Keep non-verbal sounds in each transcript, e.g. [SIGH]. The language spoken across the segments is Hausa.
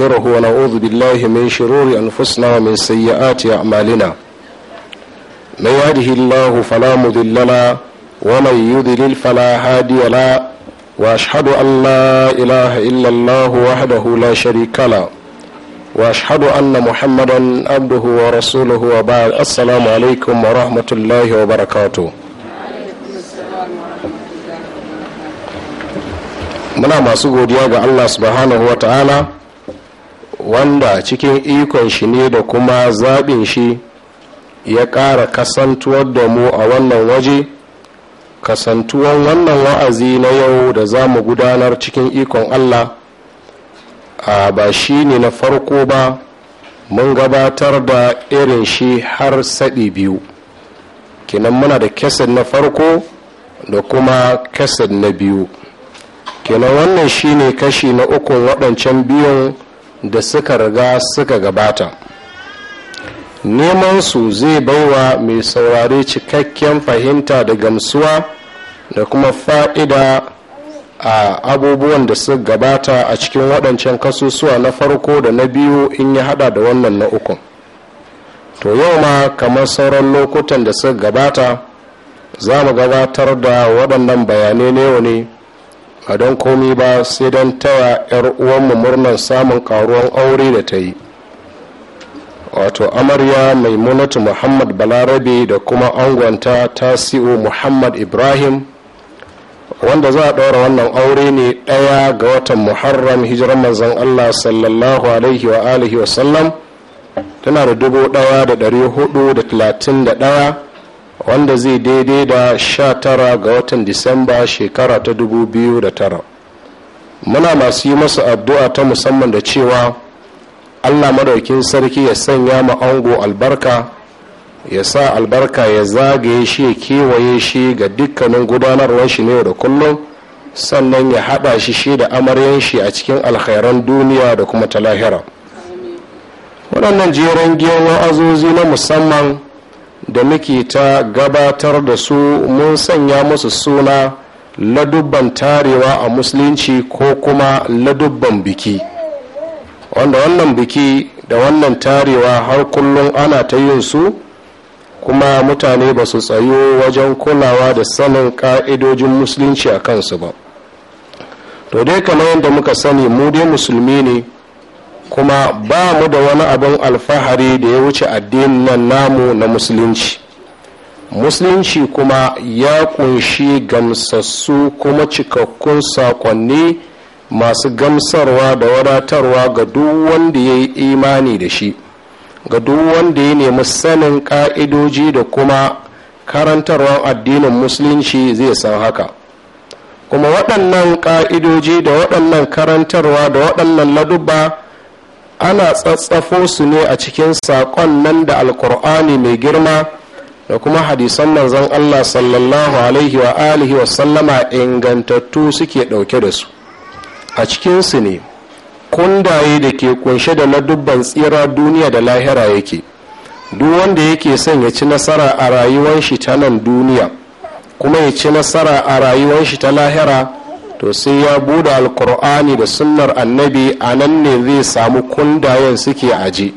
نستغفره ونعوذ بالله من شرور أنفسنا ومن سيئات أعمالنا من يهده الله فلا مضل له ومن يضلل فلا هادي له وأشهد أن لا إله إلا الله وحده لا شريك له وأشهد أن محمدا عبده ورسوله وبعد السلام عليكم ورحمة الله وبركاته muna masu godiya ga Allah subhanahu wa ta'ala wanda cikin ikon shi ne da kuma zaɓin shi ya ƙara kasantuwar da mu a wannan waje kasantuwan wannan wa'azi na yau da za mu gudanar cikin ikon allah a ba shi ne na farko ba mun gabatar da irin shi har saɗi biyu kinan muna da kesin na farko da kuma kesin na biyu kinan wannan shi ne kashi na ukun waɗancan biyun da suka riga suka gabata neman su zai baiwa mai saurare cikakken fahimta da gamsuwa da kuma fa'ida a abubuwan da suka gabata a cikin waɗancan kasusuwa na farko da na biyu in ya hada da wannan na uku to yau ma kamar sauran lokutan da suka gabata za mu gabatar da waɗannan bayanai ne ba don komi ba sai don taya 'yar uwanmu murnar samun karuwan aure da ta yi wato amarya maimunatu muhammad balarabe da kuma angonta tasi'u muhammad ibrahim wanda za a ɗora wannan aure ne ɗaya ga watan muharram hijirar manzan allah sallallahu alaihi wa alihi tana da dubu ɗaya da ɗari hudu da talatin da ɗaya wanda zai daidai da sha tara ga watan disamba shekara ta dubu da tara muna masu yi masa addu'a ta musamman da cewa allah madaukin sarki ya sanya ma ango albarka ya sa albarka ya zagaye shi ya kewaye shi ga dukkanin gudanarwar shi ne da kullum sannan ya haɗa shi shi da amaryan shi a cikin alkhairan duniya da kuma ta lahira waɗannan jeren giyan wa'azozi na musamman da muke ta gabatar da su mun sanya musu suna ladubban tarewa a musulunci ko kuma ladubban biki wanda wannan biki da wannan tarewa har kullum ana ta yin su kuma mutane ba su tsayo wajen kulawa da sanin ka'idojin musulunci a kansu ba to dai kamar yadda muka sani mu dai musulmi ne kuma ba mu da wani abin alfahari da ya wuce addinin nan namu na musulunci musulunci kuma ya kunshi gamsassu kuma cikakkun sakonni masu gamsarwa da wadatarwa ga duk wanda ya yi imani da shi ga duk wanda ya nemi sanin ka'idoji da kuma karantarwar addinin musulunci zai san haka kuma waɗannan ka'idoji da waɗannan karantarwa da waɗannan ladubba ana tsatsafo su ne a cikin saƙon nan da alkur'ani mai girma da kuma hadisan manzon allah sallallahu alaihi wa alihi wa sallama ingantattu suke ɗauke da su a cikinsu ne kundaye da ke kunshe da na dubban tsira duniya da lahira yake duk wanda yake son ya ci nasara a rayuwar shi ta nan duniya kuma ya ci nasara a rayuwar shi ta lahira to sai ya buɗe alkur'ani da sunnar annabi a nan ne zai samu kundayen suke aji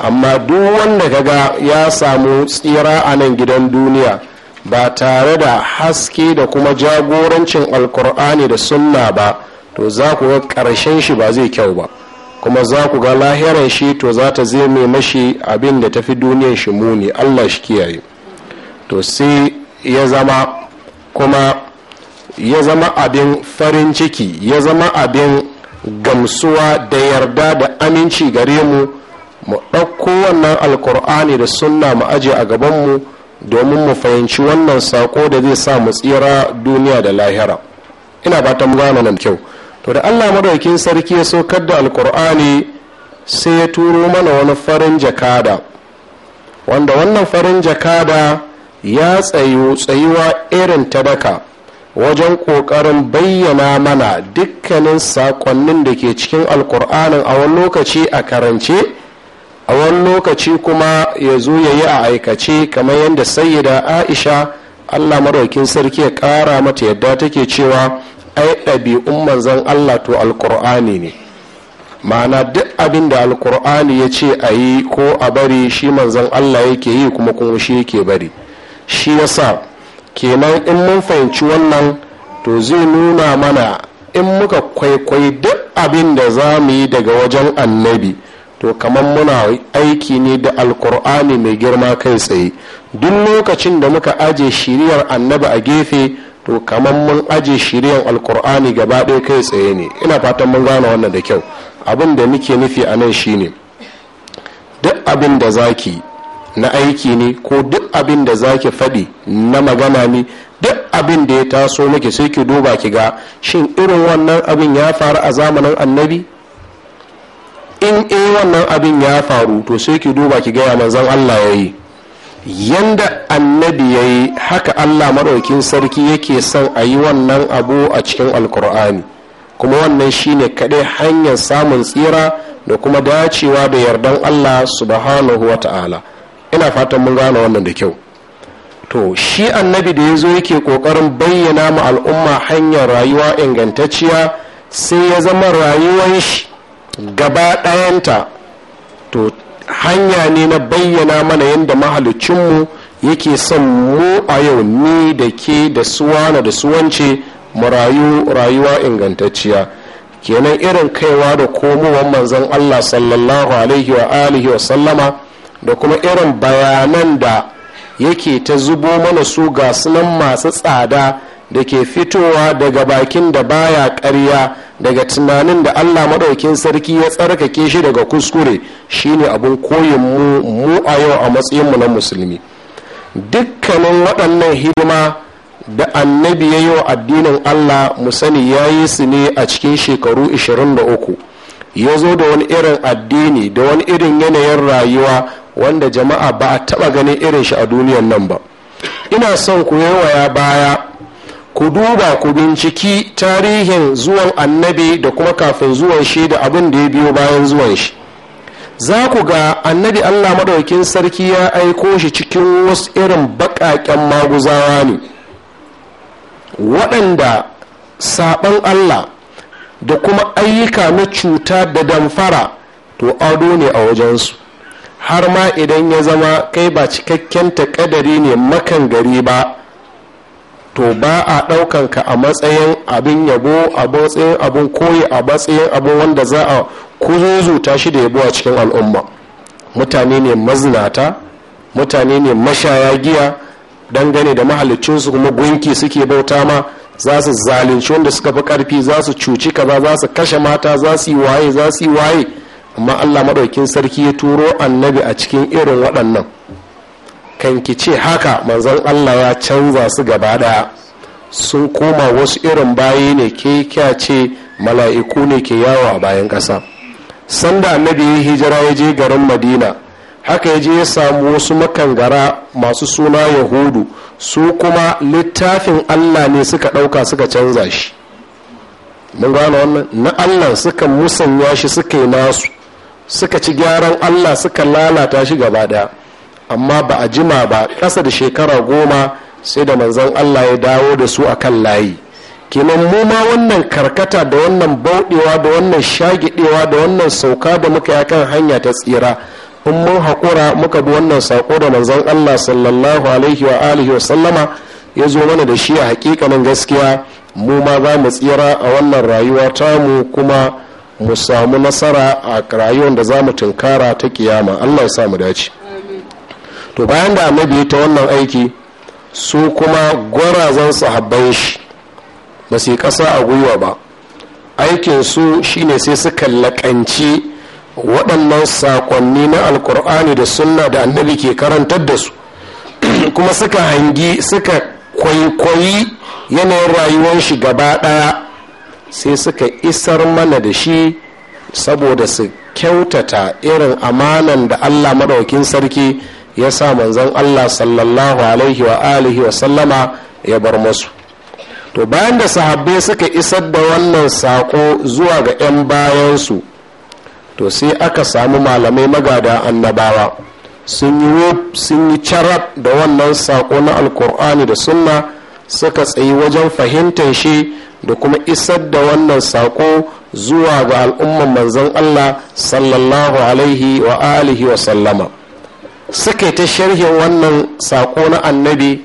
amma duk wanda kaga ya samu tsira a nan gidan duniya ba tare da haske da kuma jagorancin alkur'ani da sunna ba to za ku ga ƙarshen shi ba zai kyau ba kuma za ku ga lahiran shi to za ta zai mai mashi abin da tafi duniyar shi muni allah shi kiyaye to sai ya zama kuma ya zama abin farin ciki ya zama abin gamsuwa da yarda da aminci gare mu mu ɗauko wannan alkur'ani da sunna mu aje a gabanmu domin mu fahimci wannan sako da zai sa mu tsira duniya da lahira ina ba mu gane nan kyau to da allah madaukin sarki ya saukar da alkur'ani sai ya turo mana wani farin jakada wanda wannan farin jakada ya tsayu tsayuwa irin ta daka wajen ƙoƙarin bayyana mana dukkanin saƙonnin da ke cikin alƙur'anin a wani lokaci a karance a wani lokaci kuma ya zo ya yi a aikace kamar yadda sayyida aisha allah maraukin sarki ya ƙara mata yadda take cewa ai ɗabi'un manzan allah to alƙur'ani ne ma'ana duk abin da alƙur'ani ya ce a yi ko a bari shi manzan allah yake yi kuma kuma shi yake bari shi yasa kenan in mun fahimci wannan to zai nuna mana in muka kwaikwai duk abin da za mu yi daga wajen annabi to kamar muna aiki ne da alkur'ani mai girma kai tsaye duk lokacin da muka aje shiriyar annabi a gefe to kamar mun aje shiriyar alkur'ani gaba ɗaya kai tsaye ne ina fatan mun gane wannan da kyau abin da muke nufi a nan shine duk abin da zaki na aiki ne ko duk abin da za ki faɗi na magana ne duk abin da ya taso miki sai ki duba ki ga shin irin wannan abin ya faru a zamanin annabi in e wannan abin ya faru to sai ki duba ki gaya zan Allah ya yi yanda annabi ya yi haka Allah maɗaukin sarki yake son a yi wannan abu a cikin alkur'ani kuma wannan shine kaɗai hanyar samun tsira da kuma dacewa da yardan Allah subhanahu wa ta'ala ina fatan mun gane wannan da kyau to shi annabi da ya zo yake kokarin bayyana ma al'umma hanyar rayuwa ingantacciya sai ya zama rayuwar shi gaba ɗayanta to hanya ne na bayyana mana yadda mahalicinmu yake son mu a yau ni da ke da suwana da suwance mu rayu rayuwa ingantacciya kenan irin kaiwa da komowar manzon allah sallallahu alaihi wa alihi wa sallama da kuma irin bayanan da yake ta zubo mana su ga sunan masu tsada da ke fitowa daga bakin da baya karya daga tunanin da allah maɗaukin sarki ya tsarkake shi daga kuskure shine abin koyin mu mu a yau a matsayinmu na musulmi dukkanin waɗannan hidima da annabi ya yi addinin allah mu sani ya yi su ne a cikin shekaru 23 ya zo da wani irin addini da wani irin yanayin rayuwa wanda jama'a ba a taba ganin irin shi a duniyan nan ba ina son ku yawaya baya ku duba ku binciki tarihin zuwan annabi da kuma kafin zuwan shi da abin da ya biyo bayan zuwan shi za ku ga annabi allah maɗaukin sarki ya aiko shi cikin wasu irin baƙaƙen maguzawa ne waɗanda saɓan allah da kuma ayyuka na cuta da damfara to ado ne a wajensu har ma idan ya zama kai ba cikakken takadari ne makan gari ba to ba a ɗaukan ka a matsayin abin yabo a matsayin abin koyi a matsayin abin wanda za a kuzuzuta shi da yabo a cikin al'umma mutane ne mazinata mutane ne mashaya giya dangane da mahalicinsu kuma gunki suke bauta ma za su zalunci wanda suka fi karfi za su cuci kaza za su kashe mata za su yi waye za su yi waye amma allah maɗaukin sarki ya turo annabi a cikin irin waɗannan kan ki ce haka manzon allah ya canza su gaba ɗaya sun koma wasu irin bayi ne ke kya ce mala'iku ne ke yawo a bayan ƙasa sanda annabi ya hijira ya je garin madina haka ya je ya samu wasu makangara masu suna yahudu su kuma littafin allah ne suka ɗauka suka canza shi mun gane wannan na allah suka musanya shi suka yi nasu suka ci gyaran allah suka lalata shi gaba daya amma ba a jima ba ƙasa da shekara goma sai da manzon allah ya dawo da su a kan layi kenan mu ma wannan karkata da wannan bauɗewa da wannan shagidewa da wannan sauka da muka yi kan hanya ta tsira in mun haƙura muka bi wannan saƙo da manzon allah sallallahu alaihi wa alihi wa sallama ya zo mana da shi a hakikanin gaskiya mu ma za mu tsira a wannan rayuwa tamu kuma mu samu nasara a rayuwar da za mu tunkara ta kiyama allah ya sa mu dace to bayan da annabi ta wannan aiki su kuma gwarazan sahabban shi ba su yi ƙasa a gwiwa ba aikin su shine sai suka laƙanci waɗannan saƙonni na alkur'ani da sunna da annabi ke karantar da su [CLEARS THROAT] kuma suka hangi suka kwaikwayi yanayin rayuwar shi gaba ɗaya sai suka isar mana da shi saboda su kyautata irin amanan da allah maɗaukin sarki ya sa manzon allah sallallahu alaihi wa alihi wa sallama ya bar masu to bayan da sahabbai suka isar da wannan saƙo zuwa ga 'yan bayansu to sai aka samu malamai magada annabawa sun yi charab da wannan saƙo na alkur'ani da sunna suka tsayi wajen fahimtar shi da kuma isar da wannan sako zuwa ga al'ummar manzon Allah sallallahu alaihi wa alihi wa sallama suka ta sharhin wannan sako na annabi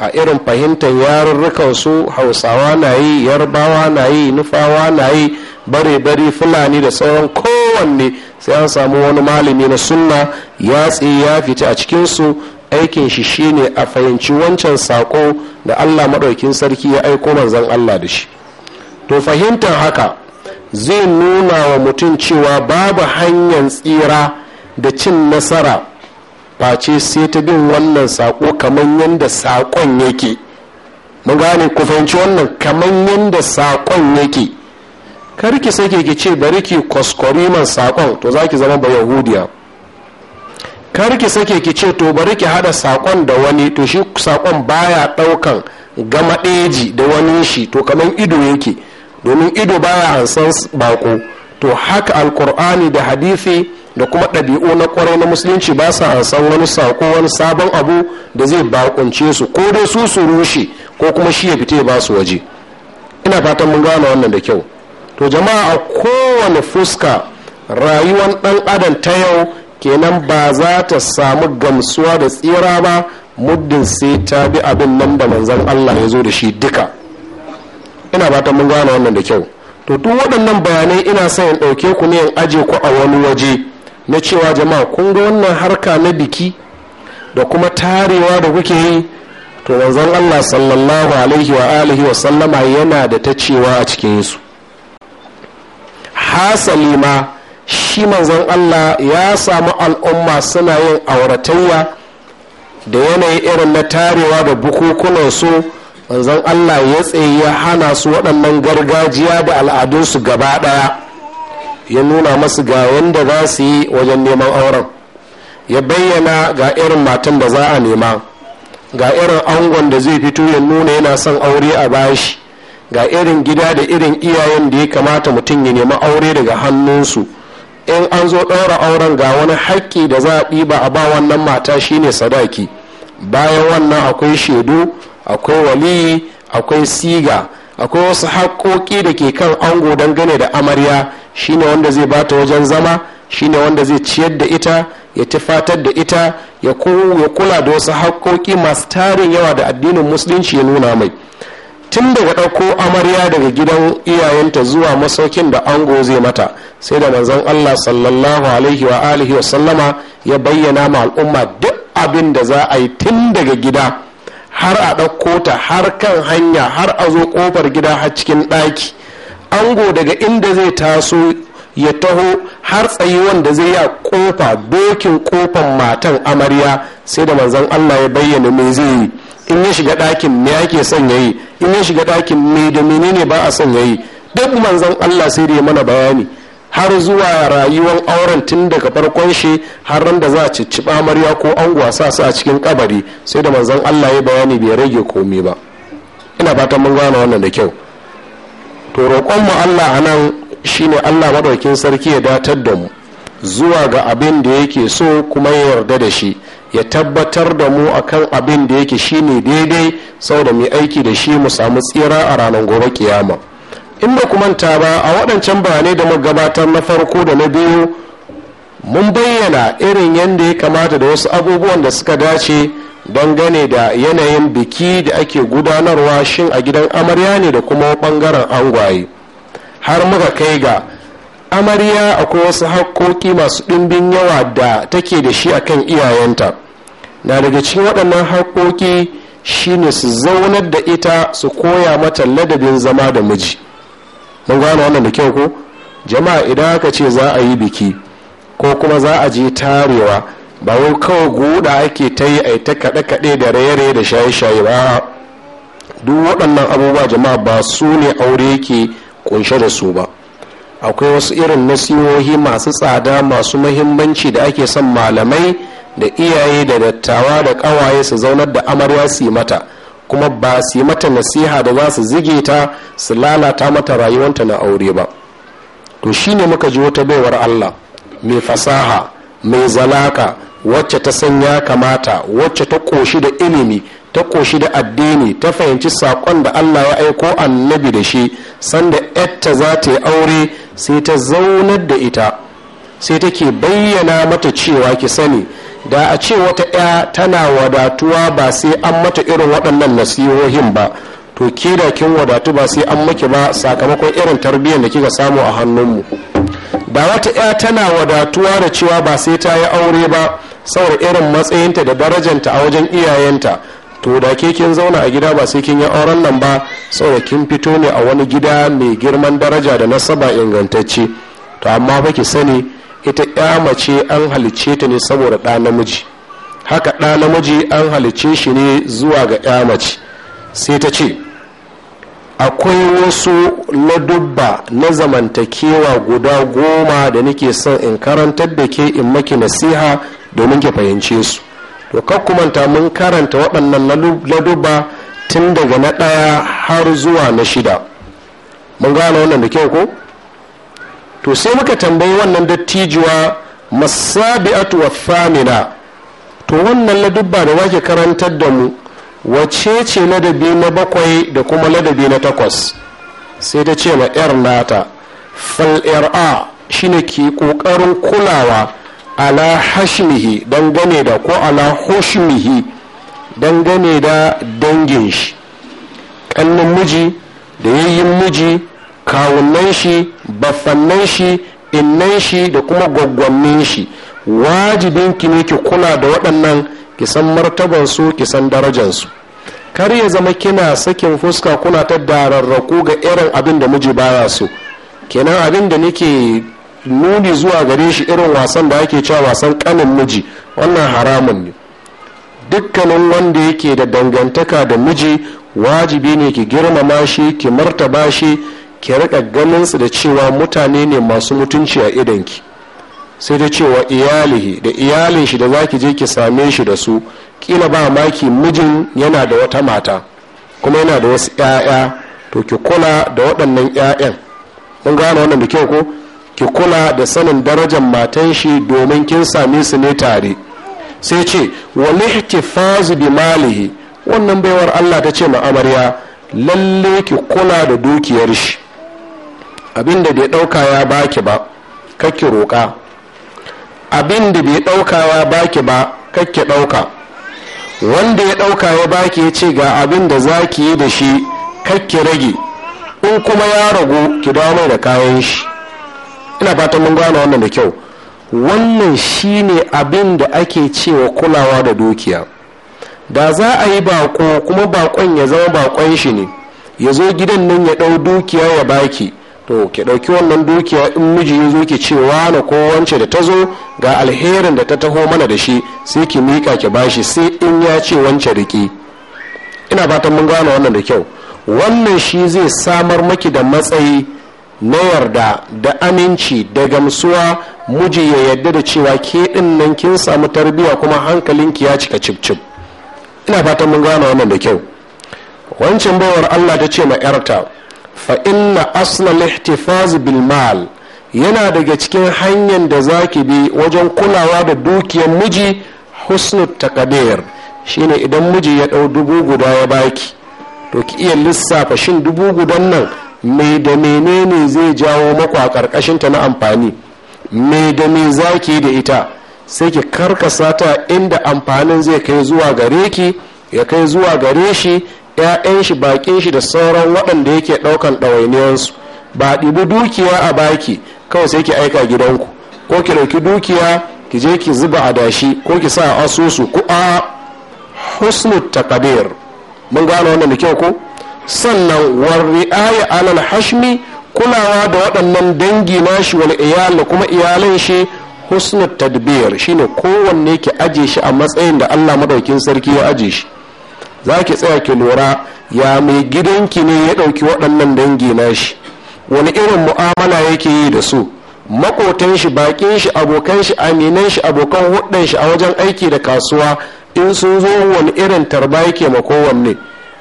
a irin fahimtar yarurrukan su hausawa na yi yarbawa na yi nufawa na yi bare-bare fulani da sauran kowanne sai an samu wani malami na sunna ya tsaye ya fita a cikinsu aikin shi shine a fahimci wancan sako da allah maɗaukin sarki ya aiko manzan allah da shi to fahimtar haka zai nuna wa mutum cewa babu hanyar tsira da cin nasara face sai ta bin wannan sako kamar yadda sakon yake mun gane ku fahimci wannan kamar yadda sakon yake karki sake ki ce bari ki kwaskwari man sakon to za ki zama ba yahudiya kar ki sake ki ce to bari ki hada sakon da wani to shi sakon baya daukan gama ɗeji da wani shi to kamar ido yake domin ido baya hansan bako to haka alkur'ani da hadisi da kuma ɗabi'u na kwarai na musulunci ba sa hansan wani sako wani sabon abu da zai bakunce su ko dai su su rushe ko kuma shi ya fita ba su waje ina fatan mun gane wannan da kyau to jama'a a kowane fuska rayuwar ɗan adam ta yau kenan ba za ta samu gamsuwa da tsira ba muddin sai ta bi abin nan da manzan Allah ya zo da shi duka ina ba ta mun gane wannan da kyau to duk waɗannan bayanai ina son in ɗauke ku ne in aje ku a wani waje na cewa jama'a kun ga wannan harka na biki da kuma tarewa da kuke yi to manzan Allah sallallahu alaihi wa alihi wa sallama yana da ta cewa a cikin su hasali ma shi manzon allah ya samu al'umma suna yin auratayya da yanayi irin na tarewa da bukukunan su manzon allah ya tsaye ya hana su waɗannan gargajiya da al'adunsu gaba ɗaya ya nuna masu ga wanda za su yi wajen neman auren ya bayyana ga irin matan da za a nema ga irin angon da zai fito ya nuna yana son aure a bashi ga irin gida da irin iyayen da ya kamata mutum ya nemi aure daga hannunsu in an zo ɗaura auren ga wani haƙƙi da za a ba a ba wannan mata shine sadaki bayan wannan akwai shaidu akwai waliyi akwai siga akwai wasu haƙoƙi da ke kan ango dangane da amarya shine wanda zai bata wajen zama shine wanda zai ciyar da ita ya tufatar da ita ya kula da wasu haƙoƙi masu tarin yawa da addinin musulunci ya nuna mai tun daga ɗauko amarya daga gidan iyayenta zuwa masaukin da ango zai mata sai da manzon allah sallallahu alaihi wa alihi wa sallama ya bayyana ma al'umma duk abin da za a yi tun daga gida har a ɗauko ta har kan hanya har a zo ƙofar gida har cikin ɗaki ango daga inda zai taso ya taho har tsayi wanda zai ya ƙofa dokin ƙofan matan amarya sai da manzon allah ya bayyana me zai yi in ya shiga ɗakin me ake son ya yi in ya shiga ɗakin me da menene ba a son ya yi duk manzon Allah sai da ya mana bayani har zuwa rayuwar auren tun daga farkon shi har ran da za a cici amarya ko an gwasa su a cikin kabari sai da manzon Allah ya bayani bai rage komai ba ina fatan mun gane wannan da kyau to roƙon mu Allah anan shine Allah madaukin sarki ya datar da mu zuwa ga abin da yake so kuma ya yarda da shi ya tabbatar da mu akan abin da yake shine daidai saboda mu aiki da shi mu samu tsira a ranar gobe kiyama in ba ku manta ba a waɗancan bayanai da mu gabatar na farko da na biyu mun bayyana irin yadda ya kamata da wasu abubuwan da suka dace don gane da yanayin biki da ake gudanarwa shin a gidan amarya ne da kuma ɓangaren angwaye har muka kai ga amarya akwai wasu haƙoƙi masu ɗimbin yawa da take da shi akan iyayenta na daga cikin waɗannan haƙoƙi shine su zaunar da ita su koya mata ladabin zama da miji mun gano wannan da kyau ko jama'a idan aka ce za a yi biki ko kuma za a je tarewa ba wai kawai guda ake ta yi a ta kaɗe-kaɗe da raye-raye da shaye-shaye ba duk waɗannan abubuwa jama'a ba su ne aure yake kunshe da su ba akwai wasu irin nasihohi masu tsada masu mahimmanci da ake son malamai da iyaye da dattawa da kawaye su zaunar da amarya su yi mata kuma ba su yi mata nasiha da za su zige ta su lalata mata rayuwanta na aure ba to shine muka ji wata baiwar allah mai fasaha mai zalaka wacce ta san ya kamata wacce ta koshi da ilimi ta koshi da addini ta fahimci saƙon da allah ya aiko annabi da shi sanda yatta za ta yi aure sai ta zaunar da ita sai take bayyana mata cewa ki sani da a ce wata ɗaya tana wadatuwa ba sai an mata irin waɗannan nasihohin ba to ke da kin wadatu ba sai an maki ba sakamakon irin tarbiyyar da kika samu a hannunmu da wata ɗaya tana wadatuwa da cewa ba sai ta yi aure ba saboda irin matsayinta da darajanta a wajen iyayenta to da ke kin zauna a gida ba sai kin yi auren nan ba saboda kin fito ne a wani gida mai girman daraja da nasaba ingantacce to amma fa ki sani ita ya mace an halicce ta ne saboda ɗa namiji haka ɗa namiji an halicce shi ne zuwa ga ya mace sai ta ce akwai wasu ladubba na zamantakewa guda goma da nake son in karantar da ke in maki nasiha domin ki fahimce su to kakkumanta mun karanta waɗannan laduba tun daga na ɗaya har zuwa na shida mun gane wannan da kyau ko to sai muka tambayi wannan dattijuwa masabi'atu wa famina to wannan laduba da wake karantar da mu wace ce ladabi na bakwai da kuma ladabi na takwas sai ta ce ma 'yar nata fal'ir'a shine ke ƙoƙarin kulawa ala hashmihi dangane da ko ala hushmihi dangane da dangin shi ƙannin miji da yayin miji kawunan shi baffannan shi innan shi da kuma gwaggwannin shi wajibin ki ne ki kula da waɗannan ki san martabansu ki san darajansu kar ya zama kina sakin fuska kuna ta dararraku ga irin abin da miji baya so kenan abin da nake nuni zuwa gare shi irin wasan da ake cewa wasan kanin miji wannan haramun ne dukkanin wanda yake da dangantaka da miji wajibi ne ki girmama shi ki martaba shi ki rika ganin su da cewa mutane ne masu mutunci a idanki sai da cewa iyalihi da iyalin shi da zaki je ki same shi da su kila ba maki mijin yana da wata mata kuma yana da wasu 'ya'ya to ki kula da waɗannan 'ya'yan mun gane wannan da kyau ko ki kula da sanin darajar matan shi domin kin same su ne tare sai ce wani ihtifazu bi malihi wannan baiwar Allah ta ce ma amarya lalle ki kula da dukiyar shi abinda bai dauka ya baki ba ki roƙa abinda bai dauka ya baki ba ki dauka wanda ya dauka ya baki ya ce ga abin da za ki yi da shi ki rage in kuma ya ragu ki dawo da kayan shi ina fatan mun gano wannan da kyau wannan shine abin da ake cewa kulawa da dukiya da za a yi bako kuma bakon ya zama bakon shi ne ya zo gidan nan ya ɗau dukiya ya baki to ki ɗauki wannan dukiya in miji ya zo ke cewa na ko wance da ta zo ga alherin da ta taho mana da shi sai ki mika ki bashi sai in ya ce wance riki ina fatan mun gano wannan da kyau wannan shi zai samar maki da matsayi na yarda da aminci da gamsuwa muji ya yarda da cewa ke din nan kin samu tarbiyya kuma hankalinki ya cika cibcib ina fatan mun gane wannan da kyau wancan bawar allah ta ce ma yarta fa inna asla ihtifaz bil mal yana daga cikin hanyar da zaki bi wajen kulawa da dukiyar miji husnu takadir shine idan miji ya dau dubu guda ya baki to ki iya lissafa shin dubu gudan nan mai da menene zai jawo maku a ta na amfani mai da me za ki da ita sai ki karkasa ta inda amfanin zai kai zuwa gare ki ya kai zuwa gare shi 'ya'yan shi bakin shi da sauran waɗanda yake ɗaukan ɗawainiyansu ba ɗibi dukiya a baki kawai sai ki aika gidanku ko ki ɗauki dukiya ki je ki zuba a dashi ko ki sa asusu ku a husnul takabir mun gane wannan da kyau ko sannan warri'aya alal hashmi kulawa da waɗannan dangi nashi wani iyal kuma iyalan shi husnul tadbir shine kowanne ke aje shi a matsayin da Allah maɗaukin sarki ya aje shi za ki tsaya ki lura ya mai gidanki ne ya ɗauki waɗannan dangi nashi wani irin mu'amala yake yi da su makotan shi bakin shi abokan shi aminan shi abokan hudun shi a wajen aiki da kasuwa in sun zo wani irin tarba yake ma kowanne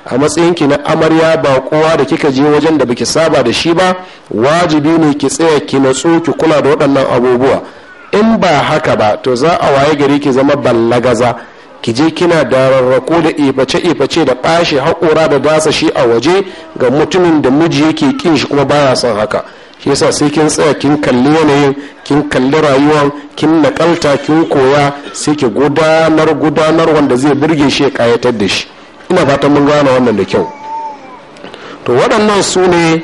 a matsayin ki na amarya ba kowa da kika je wajen da baki saba da shi ba wajibi ne ki tsaya ki natsu ki kula da waɗannan abubuwa in ba haka ba to za a waye gari ki zama ballagaza ki je kina da rarrako da iface iface da ɓashe haƙura da dasa shi a waje ga mutumin da miji yake kin shi kuma baya son haka shi yasa sai kin tsaya kin kalli yanayin kin kalli rayuwan kin nakalta kin koya sai ki gudanar gudanar wanda zai burge shi ya kayatar da shi ina fatan mun gane wannan da kyau to waɗannan su ne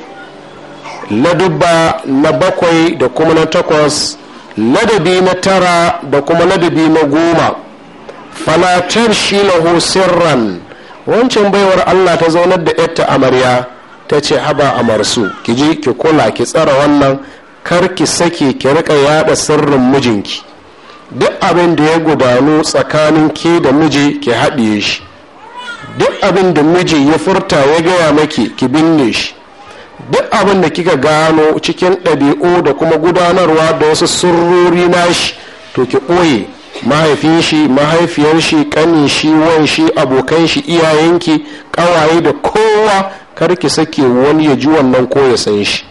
ladubba na bakwai da kuma na takwas ladabi na tara da kuma ladabi na goma falatar shi lahu sirran wancan baiwar allah ta zaunar da yatta amarya ta ce haba amarsu ki je ki kula ki tsara wannan kar ki sake ki rika yada sirrin mijinki duk abin da ya gudanu tsakanin ke da miji ki haɗiye shi duk abin da miji ya furta ya gaya maki ki binne shi duk abin da kika gano cikin ɗabi'u da kuma gudanarwa da wasu sirrori nashi to ki ɓoye mahaifin shi mahaifiyar shi ƙanin shi wan shi abokan shi iyayenki ƙawaye da kowa kar ki sake wani ya ji wannan ko ya san shi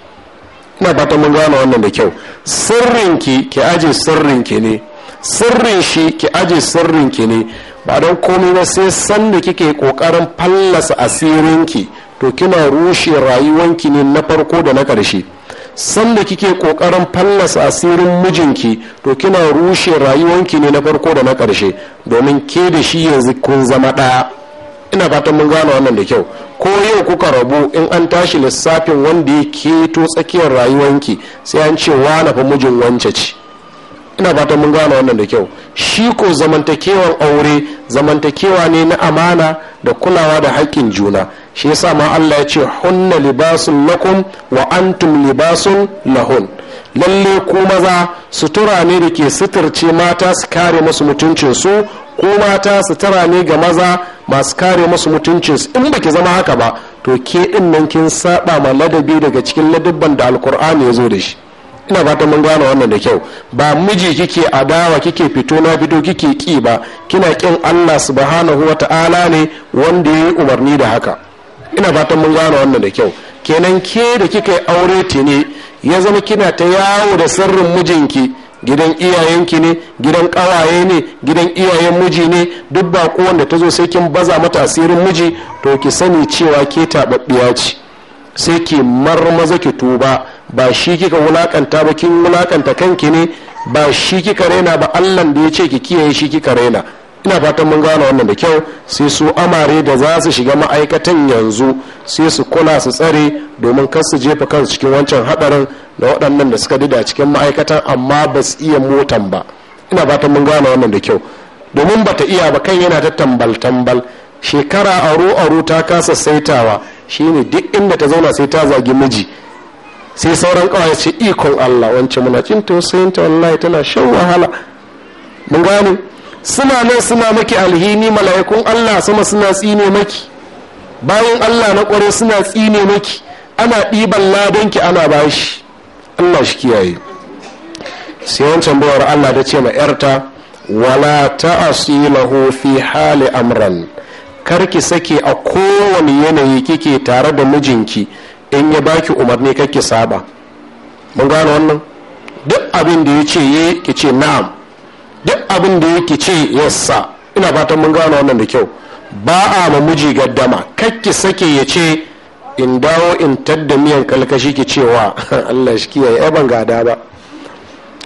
ina fata mun gano wannan da kyau sirrinki ki aje sirrinki ne sirrin shi ki aje sirrinki ne ba don komai ba sai sanda kike kokarin fallasa asirinki to kina rushe rayuwanki ne na farko da na karshe sanda kike kokarin fallasa asirin mijinki to kina rushe rayuwanki ne na farko da na karshe domin ke da shi yanzu kun zama ɗaya ina fatan mun gane wannan da kyau ko yau kuka rabu in an tashi lissafin wanda ya keto tsakiyar rayuwanki sai an ce na fa mijin wance ce ina fatan mun gane wannan da kyau shi ko zamantakewan aure zamantakewa ne na amana da kulawa da haƙƙin juna shi yasa ma Allah ya ce hunna libasun lakum wa antum libasun lahun lalle ko maza sutura ne da ke suturce mata su kare masu mutuncinsu ko mata sutura ne ga maza masu kare masu mutuncinsu su in baki zama haka ba to ke din nan kin saba ma ladabi daga cikin ladabban da alkur'ani ya zo da shi ina fatan mun gano wannan da kyau ba miji kike adawa kike fito na fito kike ki ba kina kin Allah subhanahu wa ta'ala ne wanda ya umarni da haka ina fatan mun gano wannan da kyau kenan ke da kika yi aure tene ya zama kina ta yawo da sirrin mijinki gidan iyayenki ne gidan kawaye ne gidan iyayen miji ne duk ba wanda ta zo sai kin baza mata asirin miji to ki sani cewa ke tababbiya ce sai ki marmaza ki tuba ba shi kika wulakanta ba kin wulakanta kanki ne ba shi kika raina ba allah da ya ce ki kiyaye shi kika raina ina fatan mun gane wannan da kyau sai su amare da za su shiga ma'aikatan yanzu sai su kula su tsare domin kar su jefa kansu cikin wancan hadarin da waɗannan da suka dida cikin ma'aikatan amma ba su iya motan ba ina fatan mun gane wannan da kyau domin bata iya ba kan yana ta tambal tambal shekara aro aro ta kasa saitawa shine duk inda ta zauna sai ta zagi miji sai sauran kawai ce ikon Allah wance muna cin tausayinta wallahi tana shan wahala mun gane suna nan suna maki alhini mala'ikun Allah sama suna tsine maki bayan Allah na kware suna tsine maki ana ɗiban ladanki ana bashi Allah shi kiyaye sai wancan bayar Allah da ce ma yarta wala ta'asilahu fi hali amran karki sake a kowane yanayi kike tare da mijinki in ya baki umarni kake saba mun gano wannan duk abin da ya ce ye ki ce na'am duk abin da yake ce yassa ina fatan mun gano wannan da kyau ba a ma miji gaddama kakki sake ya ce in dawo in tadda miyan kalkashi ki cewa [LAUGHS] Allah shi kiyaye ai ban gada ba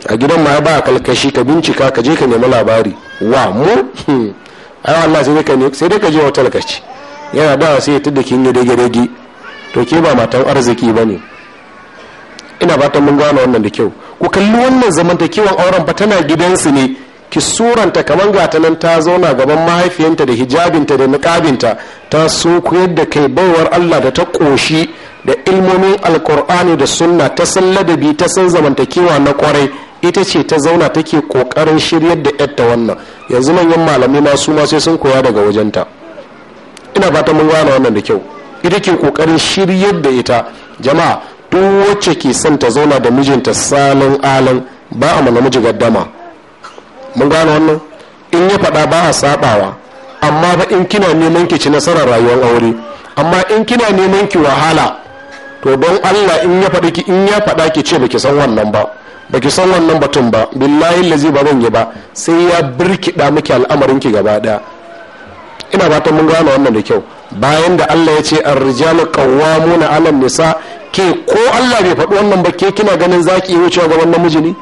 a gidan ma ba kalkashi ka bincika ka je ka nemi labari wa mu hmm. ai Allah sai dai ka sai dai ka je wata kalkashi yana da sai ya tada kin yi dage dage to ke ba matan arziki ba ne ina fatan mun gane wannan da kyau ku kalli wannan zamantakewan auren ba tana gidansu ne ki suranta kamar gata nan ta zauna gaban mahaifiyanta da hijabinta da niƙabinta ta so koyar da kai baiwar allah da ta ƙoshi da ilmomin alkur'ani da sunna ta san ladabi ta san zamantakewa na kwarai ita ce ta zauna take kokarin shiryar da yadda wannan yanzu manyan malamai ma su ma sai sun koya daga wajenta ina fatan mun gane wannan da kyau ita ke kokarin shiryar da ita jama'a duk wacce ke son ta zauna da mijinta salon alan ba a mana miji gaddama mun gano wannan in ya faɗa ba a sabawa amma ba in kina neman ki ci nasarar rayuwar aure amma in kina neman ki wahala to don Allah in ya ki in ya faɗa ki ce baki san wannan ba baki san wannan batun ba billahi lazi ba zan yi ba sai ya birkiɗa miki al'amarin ki gaba ɗaya ina ta mun gano wannan da kyau bayan da Allah ya ce an rijalu qawwamuna alam nisa ke ko Allah bai faɗi wannan ba ke kina ganin zaki yi wucewa ga wannan ne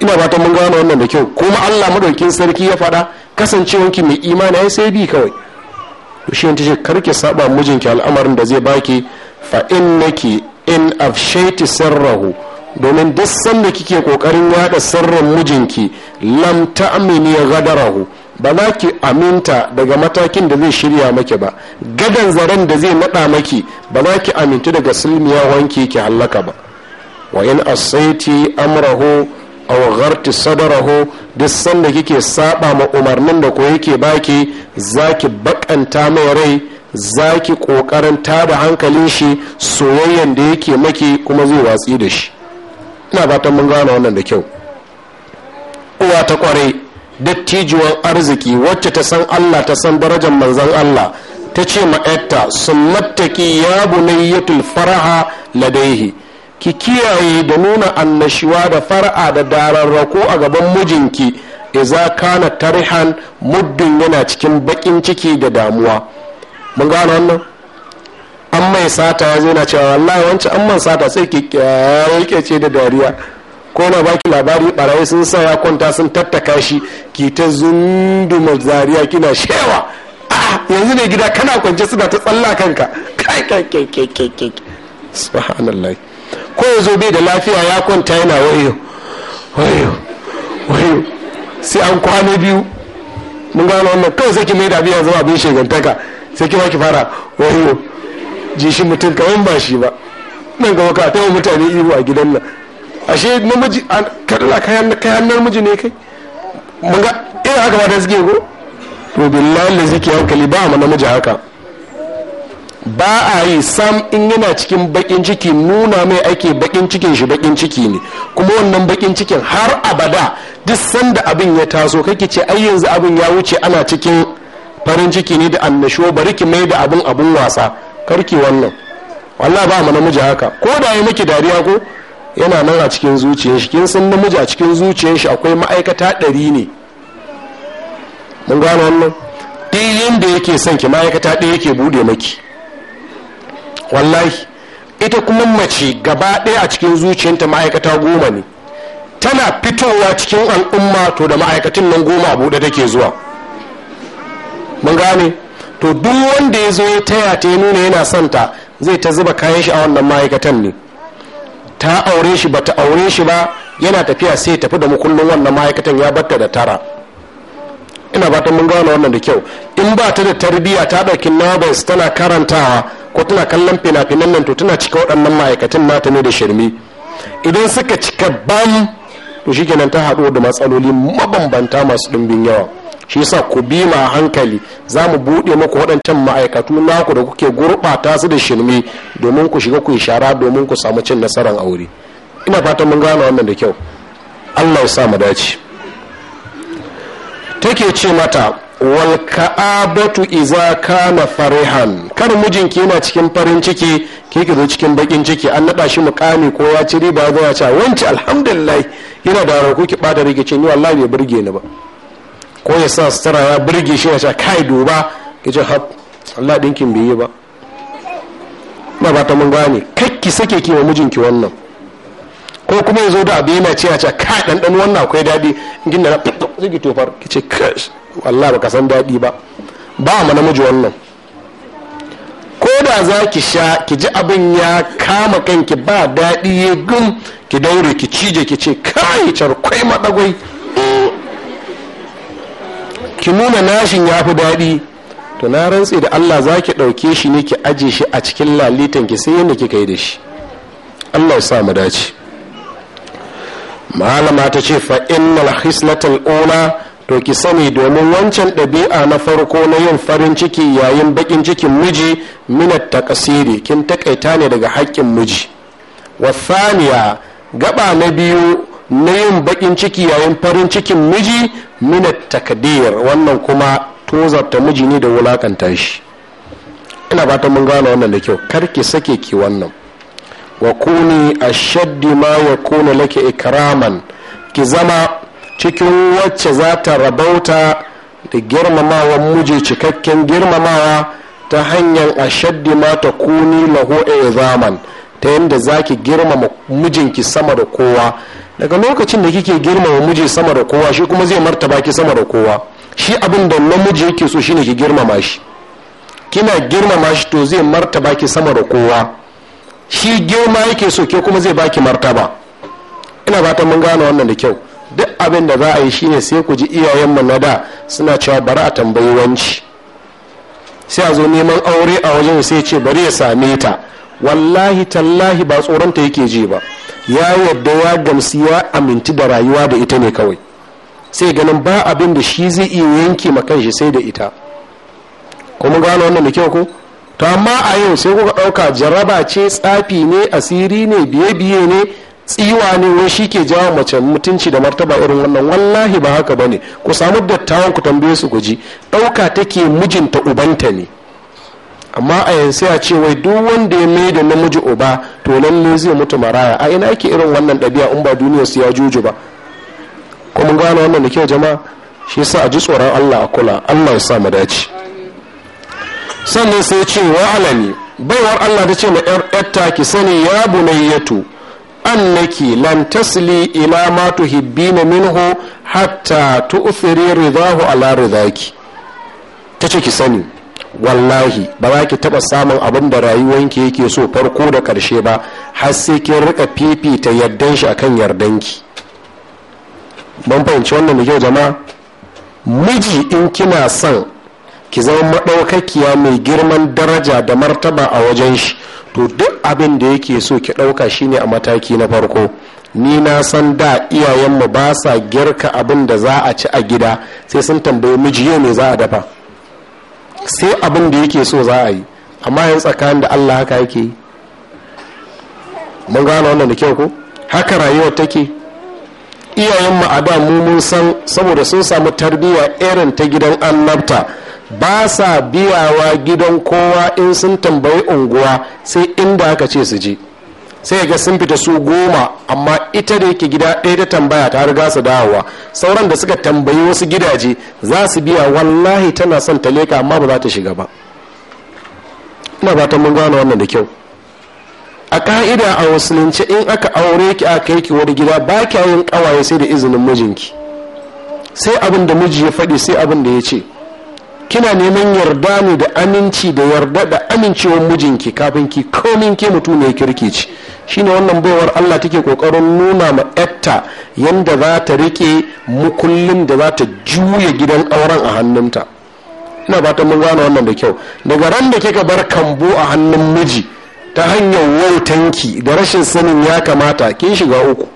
ina fatan mun gano wannan da kyau kuma Allah madaukin sarki ya faɗa kasancewanki mai imani ai sai bi kawai to shi ta ce karki saba mijinki al'amarin da zai baki fa innaki in afshaiti sirrahu domin duk sanda kike kokarin yada sirrin mijinki lam ta'mini ghadarahu ba za ki aminta daga matakin da zai shirya maki ba gadan zaren da zai naɗa maki ba za ki amintu daga silmiya wanki ki hallaka ba wa in asaiti amrahu aw gharti sadarahu duk sanda kike saba ma umarnin da ko yake baki zaki bakanta mai rai zaki kokarin tada hankalin shi soyayyen da yake maki kuma zai watsi da shi ina fatan mun gane wannan da kyau uwa ta kwarai dattijuwan arziki wacce ta san allah ta san darajar manzan allah ta ce ma'aikata, sun sunnattaki ya bunayyatul faraha ladaihi ki kiyaye da nuna annashuwa da fara'a da dararrako a gaban mijinki iza kana tarihan muddin yana cikin bakin ciki da damuwa mun gano wannan an mai sata ya zo na cewa wallahi wancan an man sata sai ki kyarke ce da dariya ko na baki labari barayi sun sa ya kwanta sun tattaka shi ki ta zunduma zariya kina shewa yanzu ne gida kana kwance suna ta tsalla kanka subhanallah ko ya zo bai da lafiya ya kwanta yana wayo wayo wayo sai an kwana biyu mun gano wannan kawai sai ki mai da biya zama abin shegantaka sai ki ki fara wayo ji shi mutum kawai ba shi ba nan gaba ka ta mutane ihu a gidan nan ashe namiji kadala kayan kayan namiji ne kai mun ga ina haka ba ta suke go to billahi da zike hankali ba mu namiji haka ba a yi sam in yana cikin bakin ciki nuna mai ake bakin cikin shi bakin ciki ne kuma wannan bakin cikin har abada duk sanda abin ya taso kake ce ai yanzu abin ya wuce ana cikin farin ciki ne da annashuwa bari ki mai da abin abin wasa karki wannan wallahi ba mu namiji haka ko da ya miki dariya ko yana nan a cikin zuciyar shi kin san namiji a cikin zuciyar shi akwai ma'aikata ɗari ne mun gane wannan duk da yake son ki ma'aikata ɗaya yake buɗe maki wallahi ita kuma mace gaba ɗaya a cikin zuciyarta ma'aikata goma ne tana fitowa cikin al'umma to da ma'aikatan nan goma a buɗe take zuwa mun gane to duk wanda ya zo ya taya ta ya nuna yana son ta zai ta zuba kayan shi a wannan ma'aikatan ne ta aure shi ba ta aure shi ba yana tafiya sai tafi da mukullin wannan ma'aikatan ya batta da tara ina ba ta mun gane wannan da kyau in ba ta da tarbiyya ta ɗauki nabas tana karantawa ko tana kallon fina-finan nan to tana cika waɗannan ma'aikatan nata ne da shirmi idan suka cika bam to shikenan ta haɗu da matsaloli mabambanta masu ɗumbin yawa shi yasa ku bi ma hankali za mu buɗe muku waɗancan ma'aikatu naku da kuke gurɓata su da shirme domin ku shiga ku yi shara domin ku samu cin nasarar aure ina fatan mun gane wannan da kyau allah ya sa mu dace take ce mata wal ka'abatu iza kana farihan kar mijinki yana cikin farin ciki ki ki zo cikin bakin ciki an nada shi mukami ko ya ci riba zuwa ca wanci alhamdulillah yana da ku ki bada rigicin ni wallahi bai burge ni ba ko ya sa sutura ya burge shi ya ce kai duba ya ce hab Allah ɗinkin bai yi ba ba ba ta mun gane kakki sake ki mijinki wannan ko kuma ya zo da abu yana ce ya ce kai ɗanɗan wannan akwai daɗi in gina na zai ki tofar ki ce kash Allah ka san daɗi ba ba mu namiji wannan ko da za ki sha ki ji abin ya kama kanki ba daɗi ya gum ki daure ki cije ki ce kai charkwai madagwai ki nuna nashin ya fi daɗi to na rantse da allah za ki ɗauke shi ne ki aje shi a cikin lalitan ki sai yadda kika yi da shi allah sa mu dace malama ta ce fa innal hislatul ula to ki sani domin wancan ɗabi'a na farko na yin farin ciki yayin bakin cikin miji minat takasiri kin takaita ne daga haƙƙin miji thaniya gaba na biyu na yin bakin ciki yayin farin cikin miji mina takadir wannan kuma tozarta miji ne da wulakanta shi ina fatan mun gane wannan da kyau karki sake ki wannan wa kuni ashaddi ma ya kuna ikraman ki zama cikin wacce za ta rabauta da girmamawa muje cikakken girmamawa ta hanyar ashaddi ma ta kuni laho zaman ta yadda za ki girmama mijinki sama da kowa daga lokacin da kike girmama miji sama da kowa shi kuma zai martaba ki sama da kowa shi abin da namiji yake so shine ki girmama shi kina girmama shi to zai martaba ki sama da kowa shi girma yake so ke kuma zai baki martaba ina fatan mun gane wannan da kyau duk abin da za a yi shine sai ku ji iyayen mu na da suna cewa bari a tambayi wanci sai a zo neman aure a wajen sai ce bari ya same ta wallahi tallahi ba tsoronta yake ji ba ya yadda ya gamsu ya aminci da rayuwa da ita ne kawai sai ganin ba abin da shi zai iya yanke makan shi sai da ita kuma gano wannan da kyau ku. to amma a yau sai kuka ɗauka jaraba ce tsafi ne asiri ne biye-biye ne tsiwa ne wai shi ke jawo mace mutunci da martaba irin wannan wallahi ba haka bane ku samu dattawan ku tambaye su guji ɗauka take mijinta ubanta ne amma a yanzu ya ce wai duk wanda ya mai da namiji uba to nan ne zai mutu maraya a ina ake irin wannan ɗabi'a in ba duniya su ya juju ba kuma gano wannan da kyau jama'a shi sa a ji tsoron Allah a kula Allah ya sa mu dace sannan sai ce wa alani baiwar Allah ta ce ma yar yatta ki sani ya bunayyatu annaki lan tasli ila ma tuhibbina minhu hatta tu'thiri ridahu ala ridaki tace ki sani wallahi ba za ki taɓa samun abin da rayuwanki yake so farko da ƙarshe ba har sai kin rika fifita yardan shi akan ki ban fahimci wannan da jama'a miji in kina son ki zama maɗaukakiya mai girman daraja da martaba a wajen shi to duk abin da yake so ki ɗauka shine a mataki na farko ni na san da iyayenmu ba sa girka abin da za a ci a gida sai sun tambayi miji yau me za a dafa sai abin da yake so za a yi amma yin tsakanin da allah haka yake yi mun gane wannan da kyau ko haka rayuwar take iyayen mu a da mu mun san saboda sun samu tarbiyya irin ta gidan annabta ba sa biyawa gidan kowa in sun tambayi unguwa sai inda aka ce su je sai ga sun fita su goma amma ita da yake gida ɗaya ta tambaya ta riga su dawowa sauran da suka tambayi wasu gidaje za su biya wallahi tana son ta leka amma ba za ta shiga ba ina ba ta mun gane wannan da kyau a ka'ida a musulunci in aka aure ki aka kai ki wani gida ba kya yin kawaye sai da izinin mijinki sai abin da miji ya faɗi sai abin da ya ce kina neman yarda ne da aminci da yarda da amincewar mijinki kafin ki komin ke mutum ne kirki ce shine wannan baiwar allah take kokarin nuna ma etta yadda za ta rike mukullin da za ta juya gidan auren a hannunta ina ba mun gane wannan da kyau daga ran da kika bar kambo a hannun miji ta hanyar wautanki da rashin sanin ya kamata kin shiga uku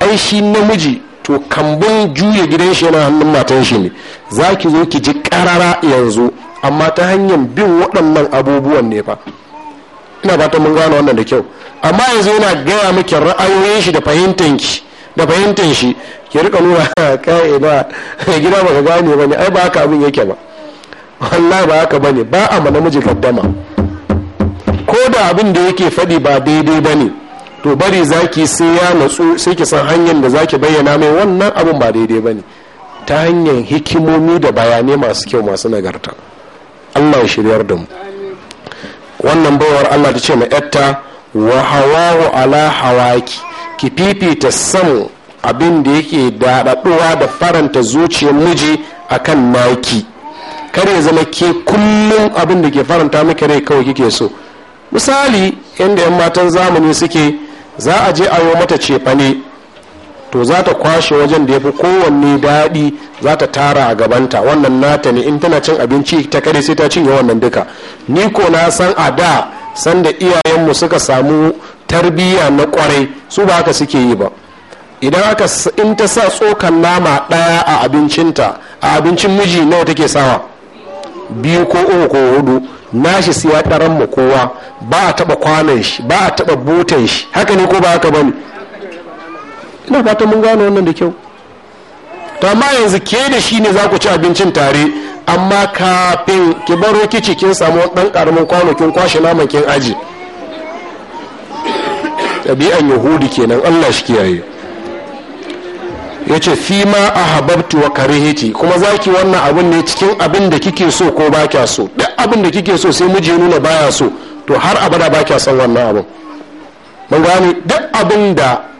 ai shi namiji to kambun juya gidan shi yana hannun matan shi ne za ki zo ki ji karara yanzu amma ta hanyar bin waɗannan abubuwan ne fa ina fatan mun gane wannan da kyau amma yanzu yana gaya miki ra'ayoyin shi da fahimtan ki da fahimtan shi ki rika nuna [LAUGHS] kai ina [LAUGHS] gida baka gane bane ai ba haka abin yake ba wallahi ba haka bane ba a ma namiji gaddama ko da abin da yake fadi ba daidai bane to bari zaki sai ya natsu sai ki san hanyar da zaki bayyana mai wannan abin ba daidai bane ta hanyar hikimomi da bayanai masu kyau masu nagarta Allah ya shiryar da mu wannan baiwar allah ta ce ma yatta wa hawahu ala hawaki ki fifita san abin da yake daɗaɗuwa da faranta zuciyar miji akan maki kar ya zama ke kullum abin da ke faranta miki rai kawai kike so misali inda 'yan matan zamani suke za a je a yi mata cefane to za ta kwashe wajen da ya fi kowanne daɗi za ta tara a gabanta wannan nata ne in tana cin abinci ta kare sai ta cinye wannan duka ni ko na san a da sanda iyayenmu suka samu tarbiyya na kwarai su ba haka suke yi ba idan aka in ta sa tsokan nama ɗaya a abincinta a abincin miji nawa take sawa biyu ko uku ko hudu nashi siya ya mu kowa ba a taba kwanan shi ba a taba butan shi haka ne ko ba haka bane ina fatan mun gane wannan da kyau to amma yanzu ke da shi ne za ku ci abincin tare amma kafin ki baro kici kin samu dan karamin kwano kin kwashe naman kin aji ɗabi'an yahudi kenan allah shi kiyaye yace ce fi ma a wa karihiti kuma zaki wannan abun ne cikin abin da kike so ko ba kya so duk abin da kike so sai miji nuna baya so to har abada ba kya son wannan abin mun gane duk abin da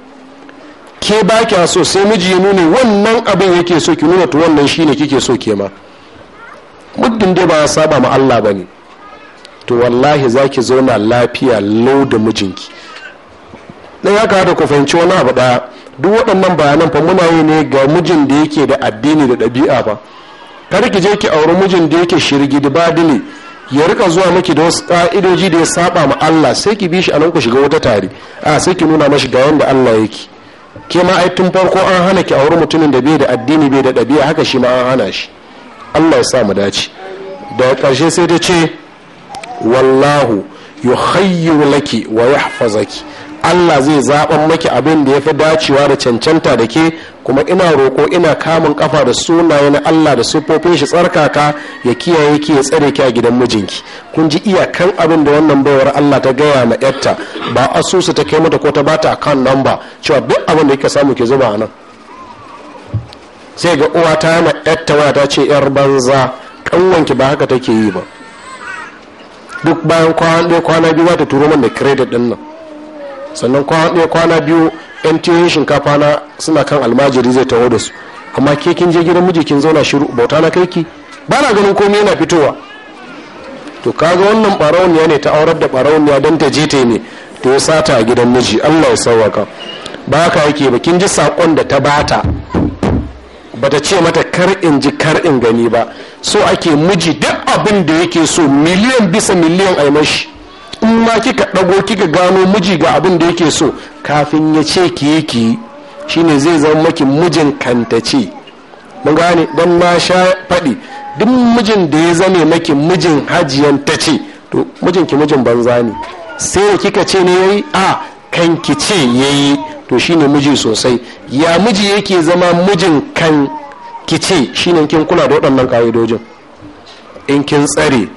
ke ba kya so sai miji ya nuna wannan abin yake so ki nuna to wannan shine kike so ke ma muddin dai ba saba ma Allah bane to wallahi zaki zauna lafiya lau da mijinki dan haka da ku fahimci wani abu daya duk waɗannan bayanan fa muna yi ne ga mijin da yake da addini da ɗabi'a fa kar ki je ki auri mijin da yake shirgi da badili ya rika zuwa miki da wasu ƙa'idoji da ya saba ma Allah sai ki bi shi a nan ku shiga wata tare a sai ki nuna mashi ga wanda Allah yake ke ma ai tun farko an hana ki auri mutumin da bai da addini bai da ɗabi'a haka shi ma an hana shi allah ya sa mu dace daga karshe sai ta ce wallahu yuhayyu laki wa yahfazaki allah zai zaɓan maki abin da ya fi dacewa da cancanta da ke kuma ina roko ina kamun kafa da sunaye na Allah da siffofin shi tsarkaka ya kiyaye ki ya tsare ki a gidan mijinki kun ji iyakan abin da wannan baiwar Allah ta gaya ma yarta ba asusu ta kai mata ko ta bata account number cewa duk abin da kika samu ke zuba a nan sai ga uwa ta yana yarta waya ta ce yar banza ki ba haka take yi ba duk bayan kwana biyu za ta turo man da credit din nan sannan kwana biyu yan tiyoyin shinkafa na suna kan almajiri zai taho da su amma ke kin je gidan miji kin zauna shiru bauta na kai ki ba na ganin komai yana fitowa to kaga wannan barauniya ne ta aurar da barauniya dan ta je ta ne to ya sata a gidan miji Allah ya sauwaka ba ka yake ba kin ji sakon da ta bata bata ce mata kar in ji kar in gani ba so ake miji duk abin da yake so miliyan bisa miliyan ai mashi in ma kika ɗago kika gano miji ga abin da yake so kafin ya ce ki yi ki shine zai zama maki mijin kantace mun gane dan ma sha faɗi duk mijin da ya zame maki mijin hajiyan ta ce to mijin ki mijin banza ne sai da kika ce ne yayi a kan ki ce yayi to shine miji sosai ya miji yake zama mijin kan ki ce shine kin kula da waɗannan ƙa'idojin in kin tsare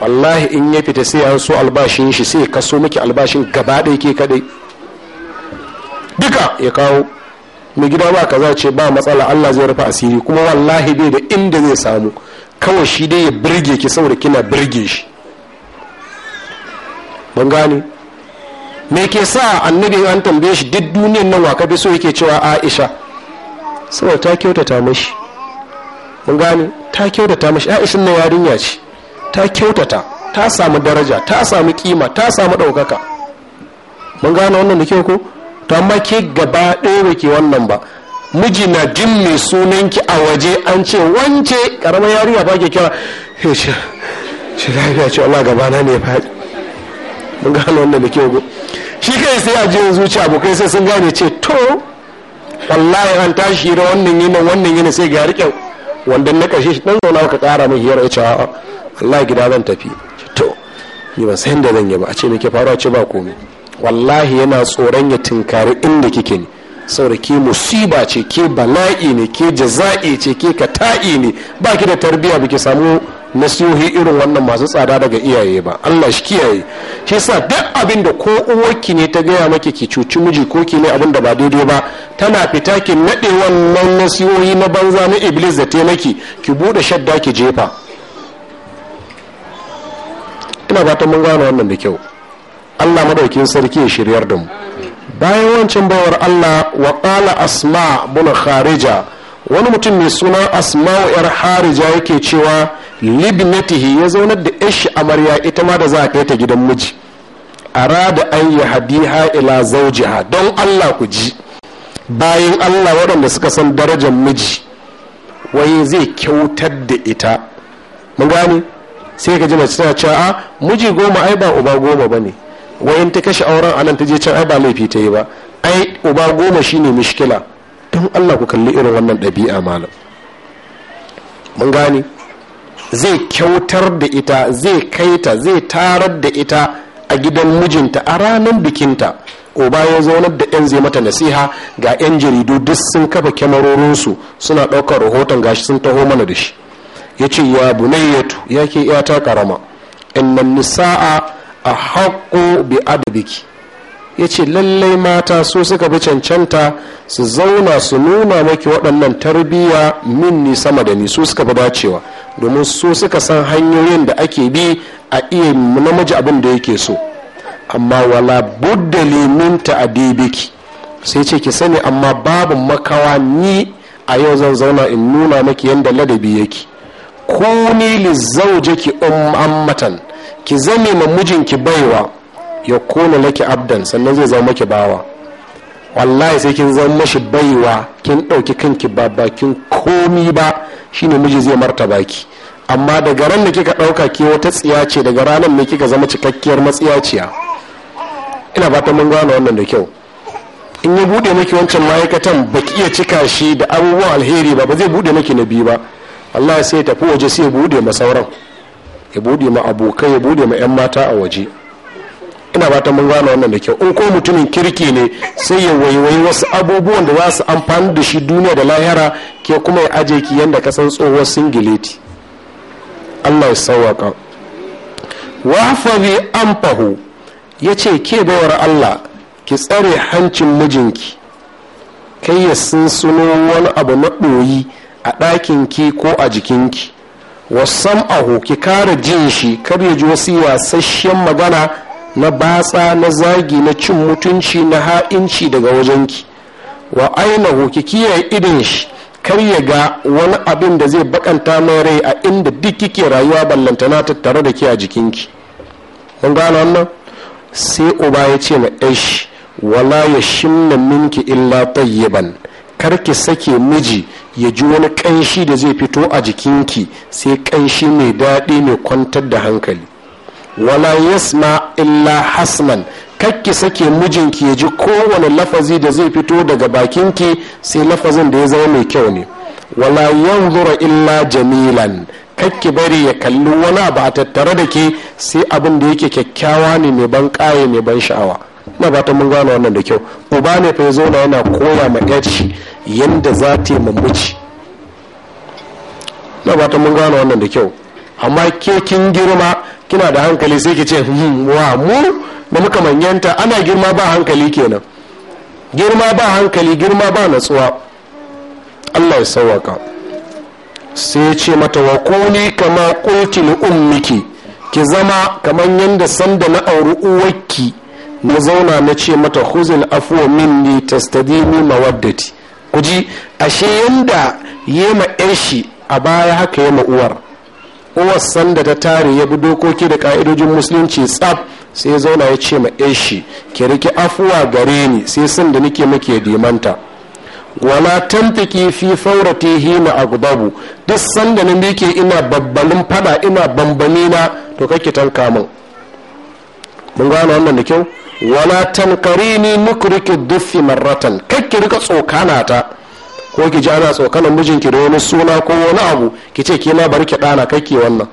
wallahi in ya fita sai an so albashin shi sai kaso miki albashin gaba ɗaya ke kaɗai duka ya kawo mai gida ba kaza ce ba matsala allah zai rufe asiri kuma wallahi bai da inda zai samu kawai shi dai ya birge ki saboda kina birge shi ban gane me ke sa annabi an tambaye shi duk duniyan nan wa so yake cewa aisha saboda ta kyautata mashi mun gane ta kyautata mashi aishin na yarinya ce ta kyautata ta samu daraja ta samu kima ta samu ɗaukaka mun gane wannan da kyau ko to amma ke gaba ɗaya ba ke wannan ba miji na jin mai sunanki a waje an ce wance karamar yarinya ba ke kira ya ce ce lafiya ce Allah gaba na ne faɗi mun gane wannan da kyau shi kai sai a jin zuciya abokai sai sun gane ce to wallahi an tashi da wannan yinin wannan yinin sai ga riƙe wanda na kashe shi ɗan zauna ka ƙara mai hira ya ce a'a wallahi gida zan tafi to ni ban san da zan yi ba a ce me ke faruwa ce ba komai wallahi yana tsoron ya tinkari inda kike ne saboda ke musiba ce ke bala'i ne ke jaza'i ce ke kata'i ne ba ki da tarbiyya ba ki samu nasihohi irin wannan masu tsada daga iyaye ba Allah shi kiyaye shi sa duk abin da ko uwarki ne ta gaya maki ki cuci miji ko ki ne abin da ba daidai ba tana fita ki nade wannan nasihohi na banza na iblis da ta maki ki bude shadda ki jefa ina ta mun gano wannan da kyau allah madaukin sarki ya shiryar da mu bayan wancan bawar allah wa qala asma bin kharija wani mutum mai suna asma yar Kharija yake cewa libnatihi ya zaunar da shi amarya ita ma da za a kai ta gidan miji arada an yi hadiha ila zaujiha don allah ku ji bayan allah waɗanda suka san darajar miji waye zai kyautar da ita mun gane sai ka ji mace tana cewa a ah, miji goma ai ba uba goma ba ne wayan ta kashe auren anan ta je can ai ba laifi ta yi ba ai uba goma shine mishkila don allah ku kalli irin wannan ɗabi'a malam mun gane zai kyautar da ita zai kai ta zai tarar da ita a gidan mijinta a ranar bikinta uba ya zaunar da yan zai mata nasiha ga yan jaridu duk sun kafa kyamarorinsu suna ɗaukar rahoton gashi sun taho mana da shi ya ce ya bunayyatu ya ke ta karama innan nisa'a a haƙo bi adabiki ya ce lallai mata so suka fi cancanta su zauna su nuna maki waɗannan tarbiyya min ni sama da ni so suka fi dacewa domin so suka san hanyoyin da ake bi a iya namiji abin da yake so amma wala budda a ta'adibiki sai ce ki sani amma babu makawa ni a yau zan zauna in nuna maki yadda ladabi yake kuni ki ummatan ki zame ma mijinki baiwa ya kona laki abdan sannan zai zama ki bawa wallahi sai kin zama shi baiwa kin ɗauki kanki ba bakin komi ba shine miji zai martaba ki amma daga ran da kika ɗauka ke wata tsiya ce daga ranar ne kika zama cikakkiyar matsiyaciya ina fatan mun gane wannan da kyau in ya bude maki wancan ma'aikatan baki iya cika shi da abubuwan alheri ba ba zai bude maki na biyu ba ya sai tafi waje sai ya bude ma sauran ya bude ma abokai ya bude ma yan mata a waje ina fatan mun gane wannan da kyau in ko mutumin kirki ne sai ya waiwayi wasu abubuwan da za su amfani da shi duniya da lahira ke kuma ya aje ki yanda ka san tsohuwar singileti allah ya sauwaka wafazi amfahu ya ce ke bawar allah ki tsare hancin mijinki kai ya sunsuno wani abu na ɗoyi a ɗakin ki ko a jikin ki wasan aho ki kara jin shi kar ya ji wasu yasasshen magana na batsa na zagi na cin mutunci na ha'inci daga wajen ki wa ainihu ki kiyaye idin shi kar ya ga wani abin da zai bakanta mai rai a inda duk kike rayuwa ballantana tattare da ke a jikinki kun gane wannan sai uba ya ce na ɗashi wala ya shimna minki illa tayyiban kar ki sake miji ya ji wani kanshi da zai fito a jikinki sai kanshi mai daɗi mai kwantar da hankali wala yasma illa hasman kakki sake mijinki ya ji kowane lafazi da zai fito daga bakinki sai lafazin da ya zama mai kyau ne wala yanzura illa jamilan kakki bari ya kalli wani abu a tattare da ke sai abin da yake kyakkyawa ne mai ban ƙaye mai ban sha'awa Ina ba mun gane wannan da kyau uba ne fa ya zauna yana koya ma yarci yadda za ta yi mamaci Ina ba mun gane wannan da kyau amma ke kin girma kina da hankali sai ki ce hmm, wa mu da muka manyanta ana girma ba hankali kenan girma ba hankali girma ba natsuwa allah ya sauwaka sai ya ce mata wa kuni kama kulti ummiki ki zama kamar yadda sanda na auri uwarki na zauna na ce mata huzil afuwa min minni tastadimi mawaddati ku ji ashe yanda yema yar shi a baya haka yema uwar uwar sanda ta tare ya bi dokoki da ka'idojin musulunci tsaf sai ya zauna ya ce ma yar shi ki riki afuwa gare ni sai san da nake muke dimanta wala tantaki fi faurati hina agdabu duk sanda na mike ina babbalin fada ina bambami na to kake tanka min mun gane wannan da kyau wala tankarini nukriki dufi marratan ki rika tsokana ta ko ki ji ana tsokanan mijinki da wani suna ko wani abu ki ce ki ma bari ki dana ki wannan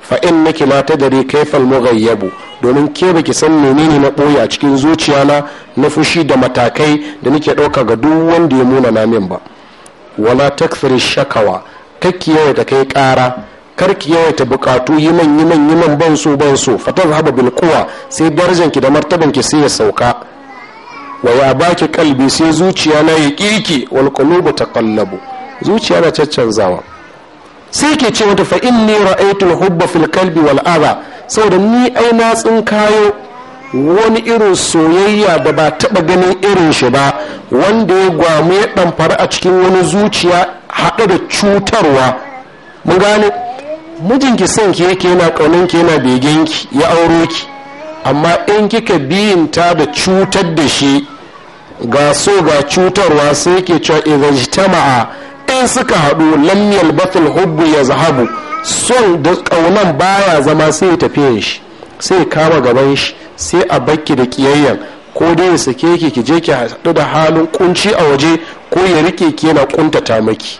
fa innaki la tadri kayfa al-mughayyabu domin ke baki san menene na ɓoye a cikin zuciyana na fushi da matakai da nake dauka ga duk wanda ya muna na min ba wala takthiri shakawa ki yawa ta kai kara karki yaya ta bukatu man yi man ban so ban so fatan haba bil kuwa sai darajanki da martabanki sai ya sauka wa ya baki kalbi sai zuciya na ya kiki wal qulubu taqallabu zuciya na caccanzawa sai ke ce mata fa inni ra'aytu al hubba fil qalbi wal adha saboda ni ai na tsinkayo wani irin soyayya da ba taba ganin irin shi ba wanda ya gwamu ya damfara a cikin wani zuciya haɗa da cutarwa mun gane mijinki son ki yake yana kaunin ki yana begen ki ya auro ki amma in kika biyinta da cutar da shi ga so ga cutarwa sai ke cewa idan jitama'a in suka haɗu lam yalbatul hubbu ya zahabu son da kaunan baya zama sai ya tafiye shi sai kama gaban shi sai a bakki da kiyayyan ko dai ya sake ki ki je ki haɗu da halin kunci a waje ko ya rike ki yana kuntata maki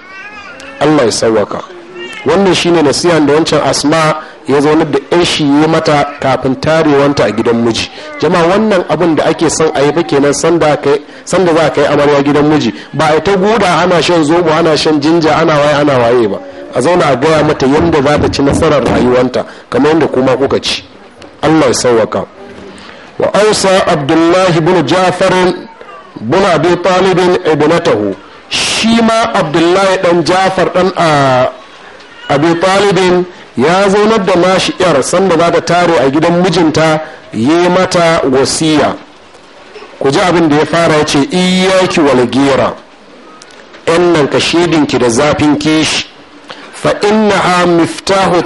Allah ya sauwaka. wannan shine nasiha da wancan asma ya zaunar da yan shi ya mata kafin tarewanta a gidan miji jama'a wannan abin da ake son a yi fa kenan sanda za a kai amarya gidan miji ba a ta guda ana shan zobo ana shan jinja ana waye ana waye ba a zauna a gaya mata yadda za ta ci nasarar rayuwanta kamar yadda kuma kuka ci allah ya sauwaka wa ausa abdullahi bin jafar bin abi talibin ibnatahu shi ma abdullahi dan jafar dan a ah, abu talibin ya zaunar da nashi yar sanda za ta tare a gidan mijinta yi mata wasiya ku ji abin da ya fara ya ce iyaki wal gira yan nan ka shedinki da zafin kishi fa ha miftahu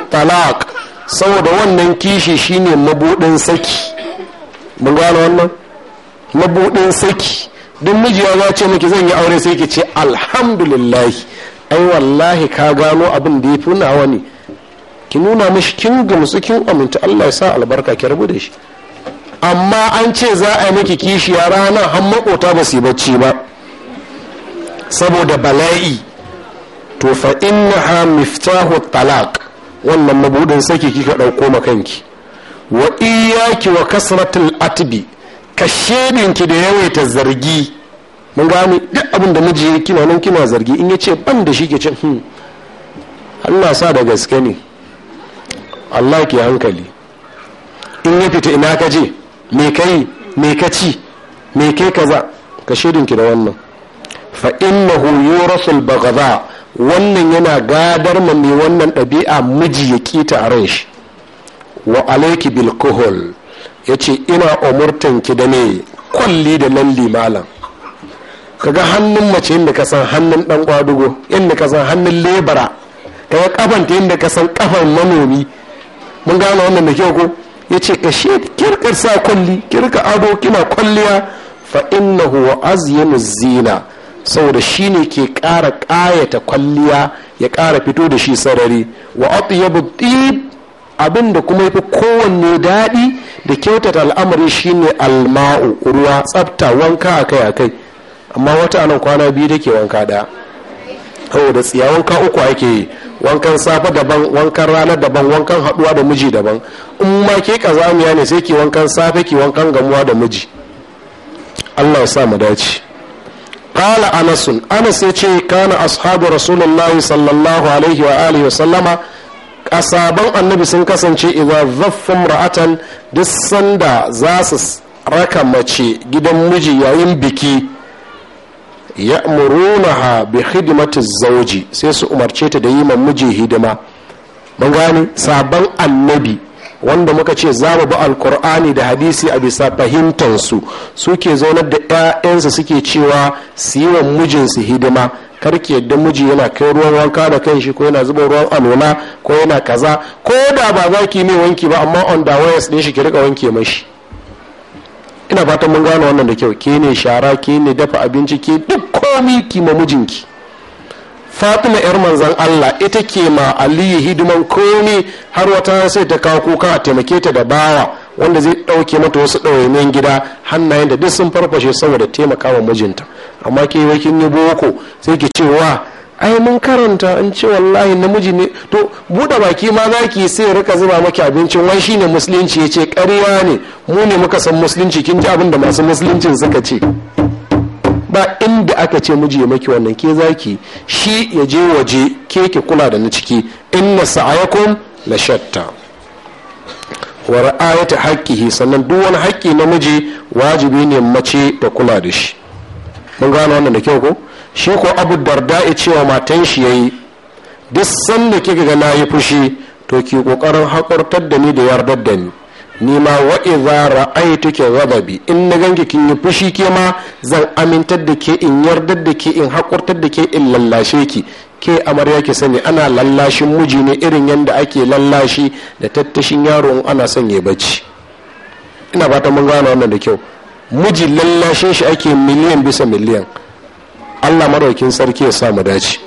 saboda wannan kishi shine mabudin saki mun gano wannan mabudin saki duk mijiya ya ce miki zan yi aure sai ki ce alhamdulillah ai wallahi ka gano abin da ya fi nawa ne ki nuna mishi kin gamsu kin aminta Allah ya sa albarka ki rabu da shi amma an ce za a yi miki kishiya rana har makota ba su yi bacci ba saboda bala'i to fa ha miftahu talaq wannan mabudin saki kika ɗauko ma kanki wa iyyaki wa kasratul atbi ka ki da yawaita zargi mun gane duk abin da miji ya kina nan kina zargi in ya ce ban da shi ke ce hmm Allah sa da gaske ne Allah ke hankali in ya fita ina ka je me kai me ka ci me kai kaza ka ki da wannan fa innahu yurasul baghdha wannan yana gadar ma mai wannan ɗabi'a miji ya kita a ran shi wa alaiki bil ya ce ina ki da ne kwalli da lalli malam kaga hannun mace inda ka san hannun dan kwadugo inda ka san hannun lebara kaga kafanta inda ka san kafan manomi mun gane wannan da kyau ko ya ce ka she kirkar sa kwalli kirka ado kina kwalliya fa innahu wa azyanu zina saboda shine ke ƙara ƙayata kwalliya ya kara fito da shi sarari wa atyabu tib abin da kuma yafi kowanne daɗi da kyautata al'amari shine alma'u ruwa tsafta wanka akai akai amma wata anan kwana biyu da ke wanka ɗaya da tsiya wanka uku ake yi wankan safe daban wankan rana daban wankan haduwa da miji daban in ma ke kazamiya ne sai ke wankan safe ke wankan gamuwa da miji allah ya sa mu dace qala anas anas ya ce kana ashabu rasulullahi sallallahu alaihi wa alihi wa sallama asaban annabi sun kasance idza zaffum ra'atan duk sanda za su raka mace gidan miji yayin biki Ya ya'murunaha bi khidmati zauji sai su umarce ta da yi ma miji hidima mun gane sabon annabi wanda muka ce za mu bi alkur'ani da hadisi a bisa fahimtansu suke zaunar da 'ya'yansu suke cewa su yi wa mijinsu hidima kar ki yadda miji yana kai ruwan wanka da kan shi ko yana zuba ruwan alola ko yana kaza ko da ba za ki mai wanki ba amma on da wayas ɗin shi ki rika wanke mashi ina fatan mun gano wannan da kyau ke ne shara ke ne dafa abinci ke duk komi ki ma mijinki fatima yar manzan allah ita ke ma aliyu hidiman komi har wata sai ta kawo kuka a taimake ta da bawa wanda zai ɗauke mata wasu ɗawainiyan gida hannayen da duk sun farfashe saboda taimakawa mijinta amma ke wai kin yi boko sai ki cewa. ai mun karanta in ce wallahi namiji ne to buɗe baki ma za ki sai rika zuba maki abincin wai shine musulunci ya ce ƙarya ne mu ne muka san musulunci kin ji abin da masu musuluncin suka ce ba inda aka ce miji ya maki wannan ke zaki shi ya je waje ke ki kula da na ciki inna sa'ayakum la shatta wa ra'ayata haqqihi sannan duk wani haƙƙi namiji wajibi ne mace da kula da shi mun gane wannan da kyau ko shi ko abu ya cewa matan shi yi duk sanda kika ga yi fushi to ki kokarin hakurtar da ni da yardar da ni ni ma wa idza ke ghadabi in na ganki kin yi fushi ke ma zan amintar da ke in yardar da ke in hakurtar da ke in lallashe ki ke amarya ki sani ana lallashin miji ne irin yanda ake lallashi da tattashin yaro ana son ya bacci ina ta mun gane wannan da kyau miji lallashin shi ake miliyan bisa miliyan allah maraukin sarki ya sa mu dace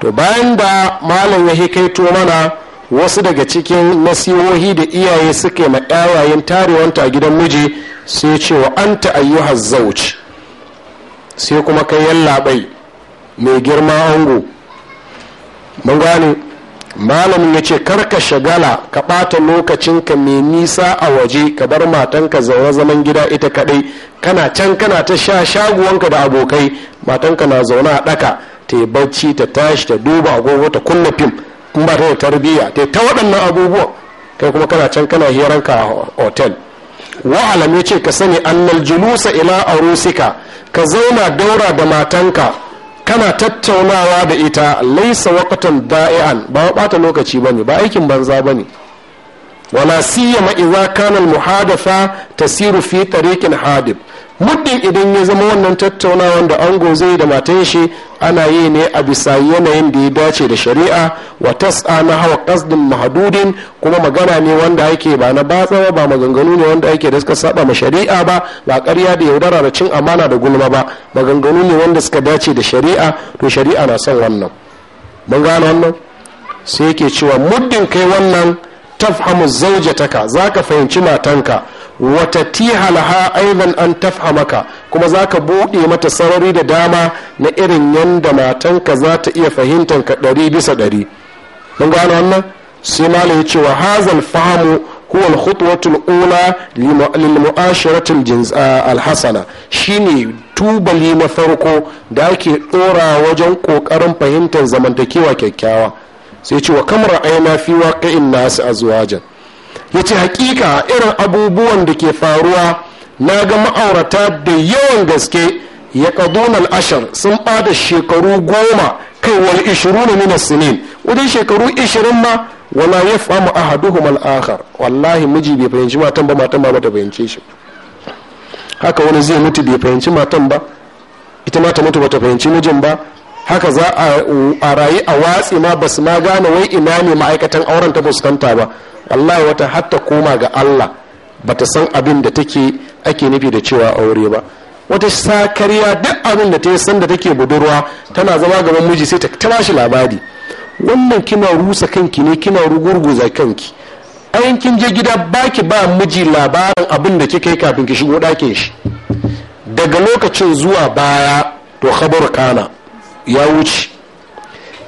to bayan da malam ya hikaito mana wasu daga cikin nasihohi da iyaye suke ma yayin tarewanta a gidan miji sai ce wa anta ayyuha sai kuma kai yallaɓai mai girma ango mun gane malamin ya ce karka shagala ka ɓata lokacinka mai nisa a waje ka bar matanka zaune zaman gida ita kaɗai kana can kana ta sha shaguwanka da abokai matanka na zaune a ɗaka ta yi bacci ta tashi ta duba agogo ta kunna fim in ba ta da tarbiyya ta ta waɗannan abubuwan kai kuma kana can kana ka a hotel wa alam ce ka sani annal julusa ila arusika ka zauna daura da matanka kana tattaunawa da ita laisa waqtan da'ian ba bata lokaci bane ba aikin banza bane wala siyama idza kana al muhadatha tasiru fi tariqin hadib muddin idan ya zama wannan tattaunawa da ango zai da matan shi ana yi ne a bisa yanayin da ya dace da shari'a wa tas'a na hawa kasdin mahadudin kuma magana ne wanda ake ba na batsawa ba maganganu ne wanda ake da suka saba ma shari'a ba ba karya da yaudara da cin amana da gulma ba maganganu ne wanda suka dace da shari'a to shari'a na son wannan mun gane wannan sai yake cewa muddin kai wannan tafhamu zaujataka zaka fahimci matanka wata tihalha aidan an tafhamaka kuma za ka buɗe mata sarari da dama na irin yadda matanka za ta iya fahimtar ka ɗari bisa ɗari mun gano wannan sai mala ya ce wa hazal fahamu huwa alkhutwatul ula lil mu'asharatil alhasana shine tubali na farko da ake ɗora wajen ƙoƙarin fahimtar zamantakewa kyakkyawa sai ce wa kamar aina fi waqi'in nasu a azwajan ya ce hakika irin abubuwan da ke faruwa na ga ma'aurata da yawan gaske ya ƙadunan ashar sun bada shekaru goma kai wani ishiru na nuna sinin wajen shekaru ishirin ma wala ya famu ahaduhum al-akhar wallahi miji bai fahimci matan ba matan ba bata fahimce shi haka wani zai mutu bai fahimci matan ba ita ma ta mutu bata fahimci mijin ba haka za a rayu a watsi ma basu ma gane wai ina ne ma'aikatan auren ta fuskanta ba allah wata hatta koma ga Allah ba ta san abin da take ake nufi da cewa aure ba wata sakariya duk abin da ta yi san da take budurwa tana zama gaban miji sai ta ta shi labari wannan kina rusa kanki ne kina rugurguza kanki ayin kin je gida baki ba miji labarin abin da kika yi kafin ki shigo ɗakin shi daga lokacin zuwa baya to khabar kana ya wuce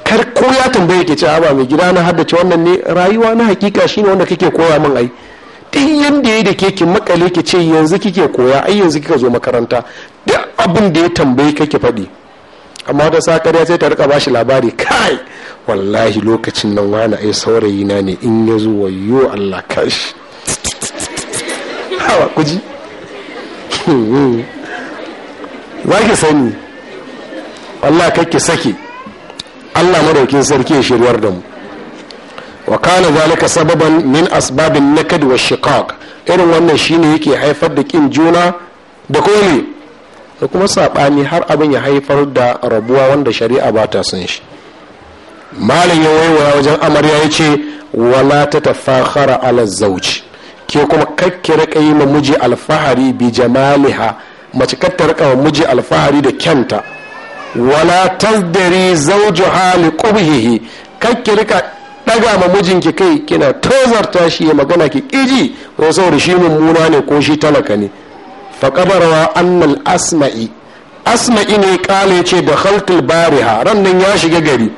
kar ko ya tambaye ke cewa ba mai gida na haddace wannan ne rayuwa na hakika shine wanda kake koya min ai duk yanda ya da ke ki makale ki ce yanzu kike koya ai yanzu kika zo makaranta duk abin da ya tambaye kake faɗi amma da sa kariya sai ta rika bashi labari kai wallahi lokacin nan wani ai saurayi na ne in ya zo wayo Allah kashi hawa kuji za [LAUGHS] ki sani wallah kake sake allah madaukin sarki ya shiryar da mu wa kana zalika sababan min asbabin nakad wa shiqaq irin wannan shine yake haifar da kin juna da koli. da kuma sabani har abin ya haifar da rabuwa wanda shari'a ba ta san shi malam ya waiwaya wajen amarya ya ce wala ta tafakhara ala zauci ke kuma kakki raka yi ma miji alfahari bi jamaliha mace kakki rika wa miji alfahari da kyanta wala tazdari zawjuha li qubhihi kakki rika ɗaga ma mijinki kai kina tozarta shi ya magana ki kiji ko saboda shi mummuna ne ko shi talaka ne fa annal asma'i asma'i ne kale ce da haltul bariha ran nan ya shiga gari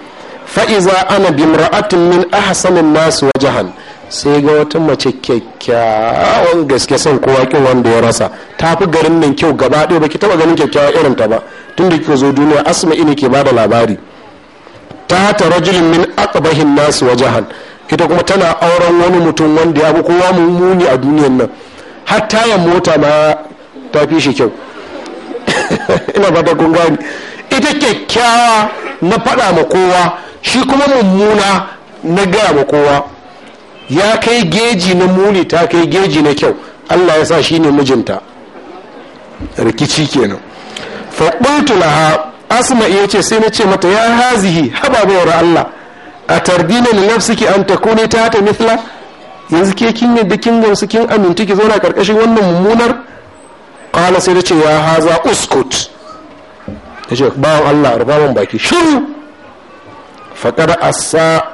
fa iza ana bimra'atin min ahsanin nas wajahan. sai ga wata mace kyakkyawan gaske son kowa kin wanda ya rasa ta fi garin nan kyau gaba ɗaya baki taba ganin kyakkyawa irin ta ba tun da kika zo duniya asma ne ke bada labari ta ta rajulin min aqbahin nasu wajahan ita kuma tana auren wani mutum wanda ya bi kowa mummuni a duniyan nan har tayan mota ma ta fi shi kyau [LAUGHS] ina ba kun gani ita kyakkyawa na faɗa ma kowa shi kuma mummuna na gaya ma kowa ya kai geji na muni ta kai geji na kyau allah ya sa shi ne mijinta rikici kenan na ha asma iya ce sai na ce mata ya hazihi haba Allah a tardina nafsi ki an takuni ta ta mithla yanzu ke kin yadda kin gamsu kin aminta ki zauna karkashin wannan mummunar kala sai da ce ya haza uskut ta ce bawan Allah rubaban baki shiru a asa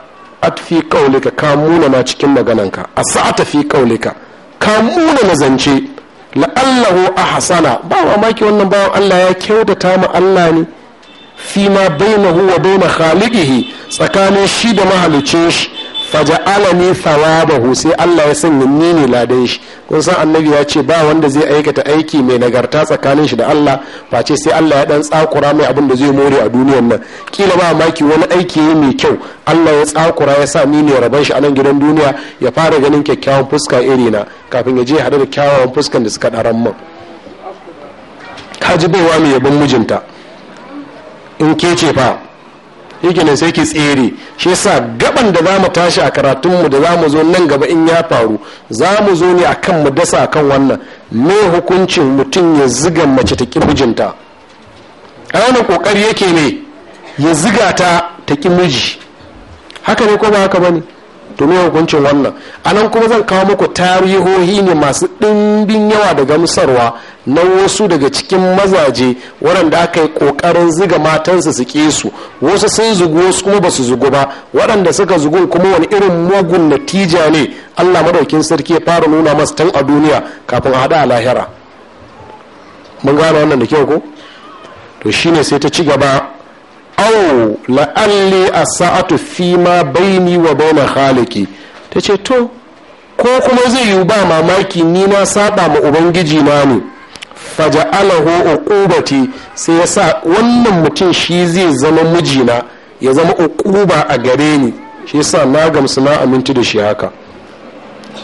at fi qawlika ka muna na cikin magananka asa ta fi qawlika ka muna na zance la'allahu a hasana ba mamaki wannan bawan Allah ya kyautata ma Allah ne fi ma bainahu wa na khaliqihi tsakanin shi da mahalicin shi faja'alani thawabahu sai Allah ya sanya ni ne ladan shi kun san annabi ya ce ba wanda zai aikata aiki mai nagarta tsakanin shi da Allah face sai Allah ya dan tsakura mai abin da zai more a duniyar nan kila ba maki wani aiki yi mai kyau Allah ya tsakura ya sa ni ne raban shi a nan gidan duniya ya fara ganin kyakkyawan fuska iri na kafin ya je hada da kyawawan fuskan da suka daran man haji baiwa mai yabon mijinta in ke ce fa shikenan sai ki tsere shi yasa gaban da zamu tashi a karatun mu da za mu zo nan gaba in ya faru za mu zo ne akan mu dasa akan wannan me hukuncin mutum ya ziga mace ta ki mijinta a wani kokari yake ne ya ziga ta ta ki miji haka ne ko ba haka bane to me hukuncin wannan anan kuma zan kawo muku tarihohi ne masu ɗimbin yawa da gamsarwa na wasu daga cikin mazaje waɗanda aka yi ƙoƙarin ziga matansu su ke su wasu sun zugu wasu kuma ba su zugu ba waɗanda suka zugu kuma wani irin mugun natija ne allah madaukin sarki ya fara nuna masu tan a duniya kafin a haɗa a lahira mun gane wannan da kyau ko to shine sai ta ci gaba au la'alli a sa'atu fi ma baini wa baina khaliki ta ce to ko kuma zai yiwu ba mamaki ni na saba ma ubangiji na ne faja'alahu uqubati sai yasa wannan mutum shi zai zama mijina ya zama uquba a gare ni shi yasa na gamsu na aminci da shi haka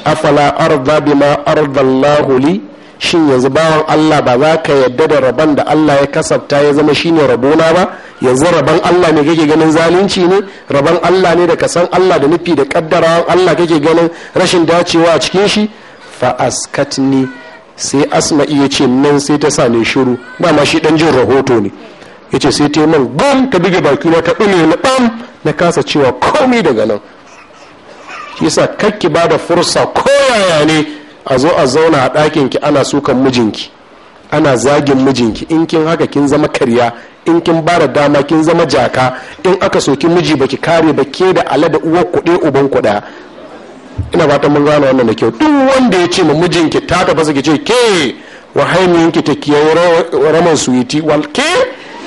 afala arda bima arda Allahu li shin yanzu bawan Allah ba za ka yadda da rabon da Allah ya kasafta ya zama shine rabona ba yanzu rabon Allah ne kake ganin zalunci ne rabon Allah ne da ka san Allah da nufi da kaddarawan Allah kake ganin rashin dacewa a cikin shi fa askatni sai asma iya ce nan sai ta sa ne shiru ba ma shi dan jin rahoto ne yace sai ta min bam ta buge baki na ta dume na bam na kasa cewa komai daga nan yasa kakki ba da fursa koyaya ne ka zo a zauna a ɗakin ki ana sukan mijinki ana zagin mijinki in kin haka kin zama karya in kin bara dama kin zama jaka in aka soki miji baki kare ba ke da ala da uwar kuɗe uban kuɗa ina fatan mun gane wannan da kyau duk wanda ya ce ma mijinki ta tafasa ki ce ke yanki ta kiyaye raman suwiti wal ke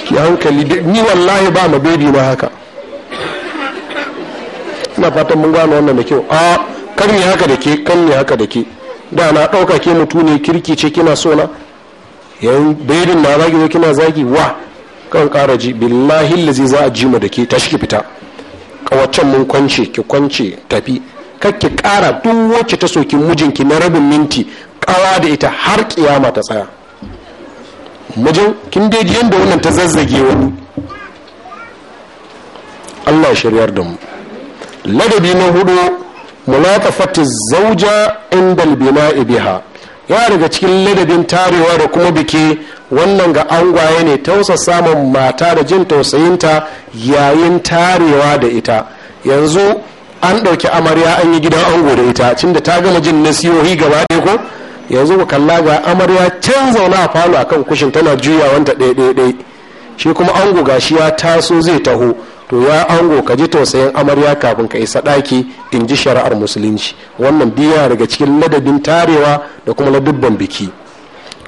ki hankali ni wallahi ba ma bebi na haka ina fatan mun gano wannan da kyau a kan ne haka da ke kan ne haka da ke da na ɗauka ke mutu ne kirki ce kina sona? yan na zagi zo kina zagi wa kan ƙara ji billahi lazi za a ji mu da ke tashi ki fita kawaccen mun kwance ki kwance tafi kakki ƙara duk wacce ta soki mijinki na rabin minti kawa da ita har kiyama ta tsaya mijin kin dai yadda wannan ta zazzage wani Allah shiryar da mu ladabi na hudu munaqafati zauja inda albina'i biha ya daga cikin ladabin tarewa da kuma biki wannan ga angwaye ne tausa samun mata da jin tausayinta yayin tarewa da ita yanzu an ɗauki amarya an yi gidan ango da ita cin da ta gama jin nasihohi gaba ɗaya ko yanzu ku kalla ga amarya can zauna a falo a kan kushin tana juyawanta ɗaya ɗaya ɗaya shi kuma ango gashi ya taso zai taho to ya ango ka ji tausayin amarya kafin ka isa daki in ji shari'ar musulunci wannan biya daga cikin ladabin tarewa da kuma ladubban biki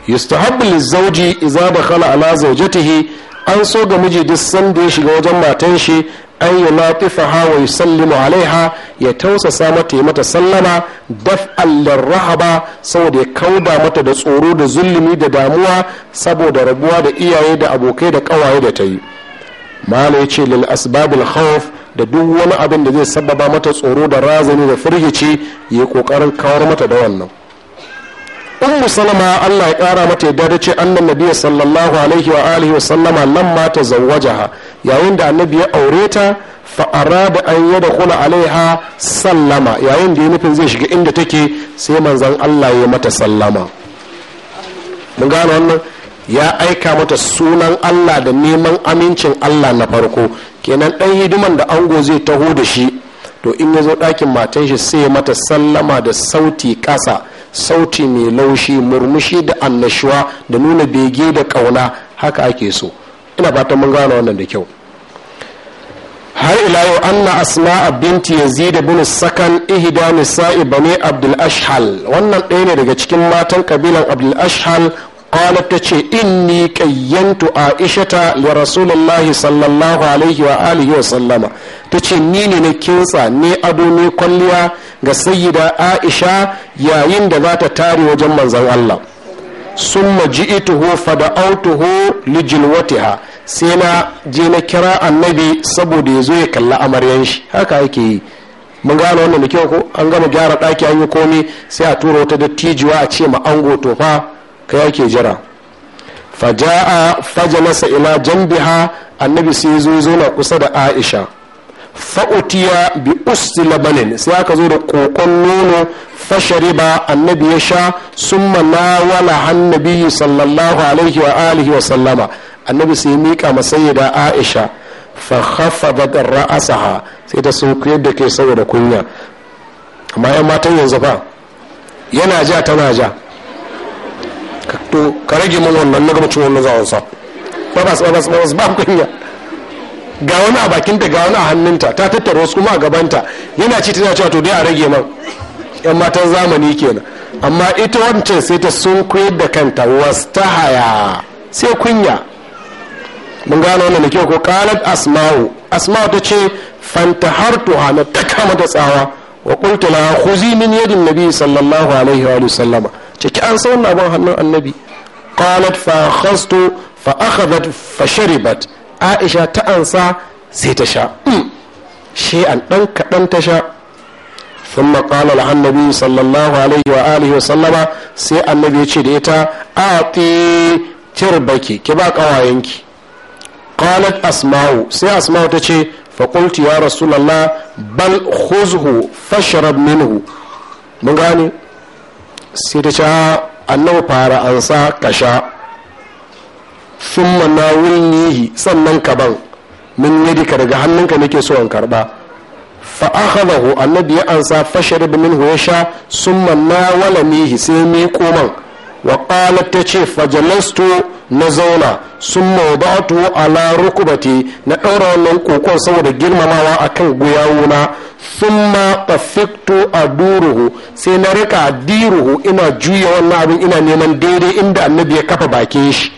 yustahabbu lizauji idza dakhala ala zawjatihi an so ga miji duk sanda ya shiga wajen matan shi an yi latifaha wa yusallimu alaiha ya tausasa mata mata sallama daf allar rahaba saboda ya kauda mata da tsoro da zulumi da damuwa saboda rabuwa da iyaye da abokai da kawaye da ta yi mala ya ce lil asbabul khawf da duk wani abin da zai sababa mata tsoro da razani da firgici ya kokarin kawar mata da wannan ummu salama Allah ya kara mata yadda da ce annan nabiya sallallahu alaihi wa alihi wa sallama nan ma ta zawwajaha yayin da annabi ya aure ta fa arada an kula alaiha sallama yayin da ya nufin zai shiga inda take sai manzon Allah ya mata sallama mun gane wannan ya aika mata sunan allah da neman amincin allah na farko kenan ɗan hidiman da ango zai taho da shi to in ya zo ɗakin matan shi sai mata sallama da sauti ƙasa sauti mai laushi murmushi da annashuwa da nuna bege da ƙauna haka ake so ina fatan mun gane wannan da kyau har ila yau anna asma'a binti yazid bin sakan ihda nisa'i bani abdul ashhal wannan ɗaya ne daga cikin matan kabilan abdul ashhal qalat ta ce inni qayyantu aishata wa rasulullahi sallallahu alaihi wa alihi wa sallama ta ce ni ne na kintsa ne ado ne kwalliya ga sayyida aisha yayin da za ta tare wajen manzon Allah summa ji'tuhu fada'autuhu li jilwatiha sai na je na kira annabi saboda ya zo ya kalla amaryan shi haka yake yi mun gane wannan da kyau ko an gama gyara ɗaki an yi komai sai a tura wata dattijuwa a ce ma ango to fa kai ake jira faja'a fajalasa ila jambiha annabi sai zo zauna kusa da aisha fa'utiya bi usti labanin sai aka zo da kokon nono fashariba annabi ya sha summa wala annabi sallallahu alaihi wa alihi wa sallama annabi sai ya mika da aisha da khaffadat ra'asaha sai ta kuyar da ke saboda kunya amma yan matan yanzu ba yana ja tana ja to ka rage min wannan na gaba cin wannan zawon sa babas babas babas ba kunya ga wani a bakinta ga wani a hannunta ta tattara wasu kuma a gabanta yana ci tana cewa to dai a rage man yan matan zamani kenan amma ita wancan sai ta sun koyar da kanta ta haya sai kunya mun gano wannan da kyau ko qalat asma'u asma'u ta ce fantahartuha na kama da tsawa wa qultu laha khuzi min yadin nabi sallallahu alaihi wa sallama Ca ca'ansa na gan hannu annabi. Khalid fa a fa a haɗa da Aisha ta ansa sai ta sha. Hmm. Sai an ɗan kaɗan tasha. Sun naƙwari da alhannabi sallallahu alaihi wa alihi wa sallama sai annabi ya ce da ita a tse ba ki ki ba kawayenki. Khalid Asma'u sai Asma'u ta ce fakwalti ya rasu lalla ban hozaho fashe mun gane. sai ta ce ah, annabi fara an sa ka sha summa na yihi sannan ka ban min dika daga hannunka nake so son karba fa akhadahu annabi ya ansa fashar minhu ya sha summa na wala mihi sai me koman wa qala ta ce fajalastu na zauna a wada'tu ala rukubati na daura wannan kokon saboda girmamawa akan guyawuna summa tafiktu aduruhu sai na rika diruhu ina juya wannan abin ina neman daidai inda annabi ya kafa bakin shi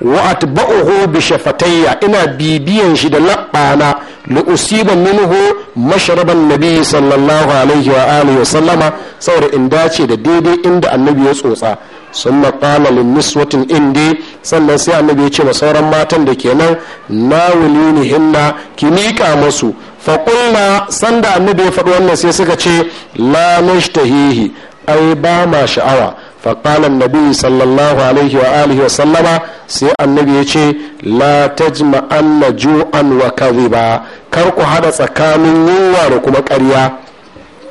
wa atba'uhu bi shafatayya ina bibiyan shi da labbana li usiba minhu mashraban nabi sallallahu alaihi wa alihi wa sallama saboda in dace da daidai inda annabi ya tsotsa sun maƙala liniswatin indi sannan sai annabi ya ce ma sauran matan da ke nan na wulini hinna ki miƙa masu faƙulla sanda annabi ya faɗi wannan sai suka ce la nashtahihi ai ba ma sha'awa faƙala annabi sallallahu alaihi wa alihi wa sallama sai annabi ya ce la tajma'anna ju'an wa kadhiba kar ku haɗa tsakanin yunwa da kuma ƙarya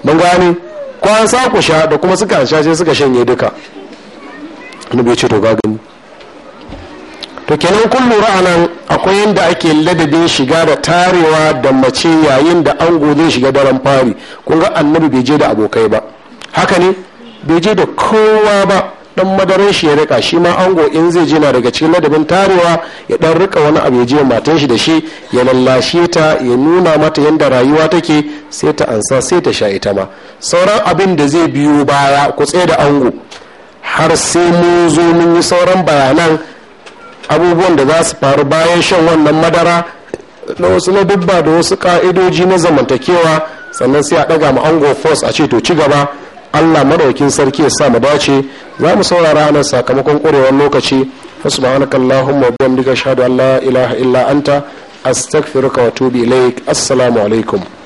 mun gane kwan sa ku sha da kuma suka sha sai suka shanye duka annabi ya ce to ba gani to kenan kun lura akwai yadda ake ladabin shiga da tarewa da mace yayin da ango zai shiga daren fari kun ga annabi bai je da abokai ba haka ne bai je da kowa ba dan madaran shi ya rika shi ma ango in zai je na daga cikin ladabin tarewa ya dan rika wani abu ya je matan shi da shi ya lallashe ta ya nuna mata yadda rayuwa take sai ta ansa sai ta sha ita ma sauran abin da zai biyo baya ku tsaye da ango har sai mun zo mun yi sauran bayanan abubuwan da za su faru bayan shan wannan madara na wasu na dubba da wasu ka'idoji na zamantakewa sannan sai a ɗaga mu ango force a ce to ci gaba allah madaukin sarki ya sa mu dace za mu saurara nan sakamakon ƙwarewar lokaci wasu wa bihamdika an allah ilaha illa anta astaghfiruka wa tubi ilaik assalamu alaikum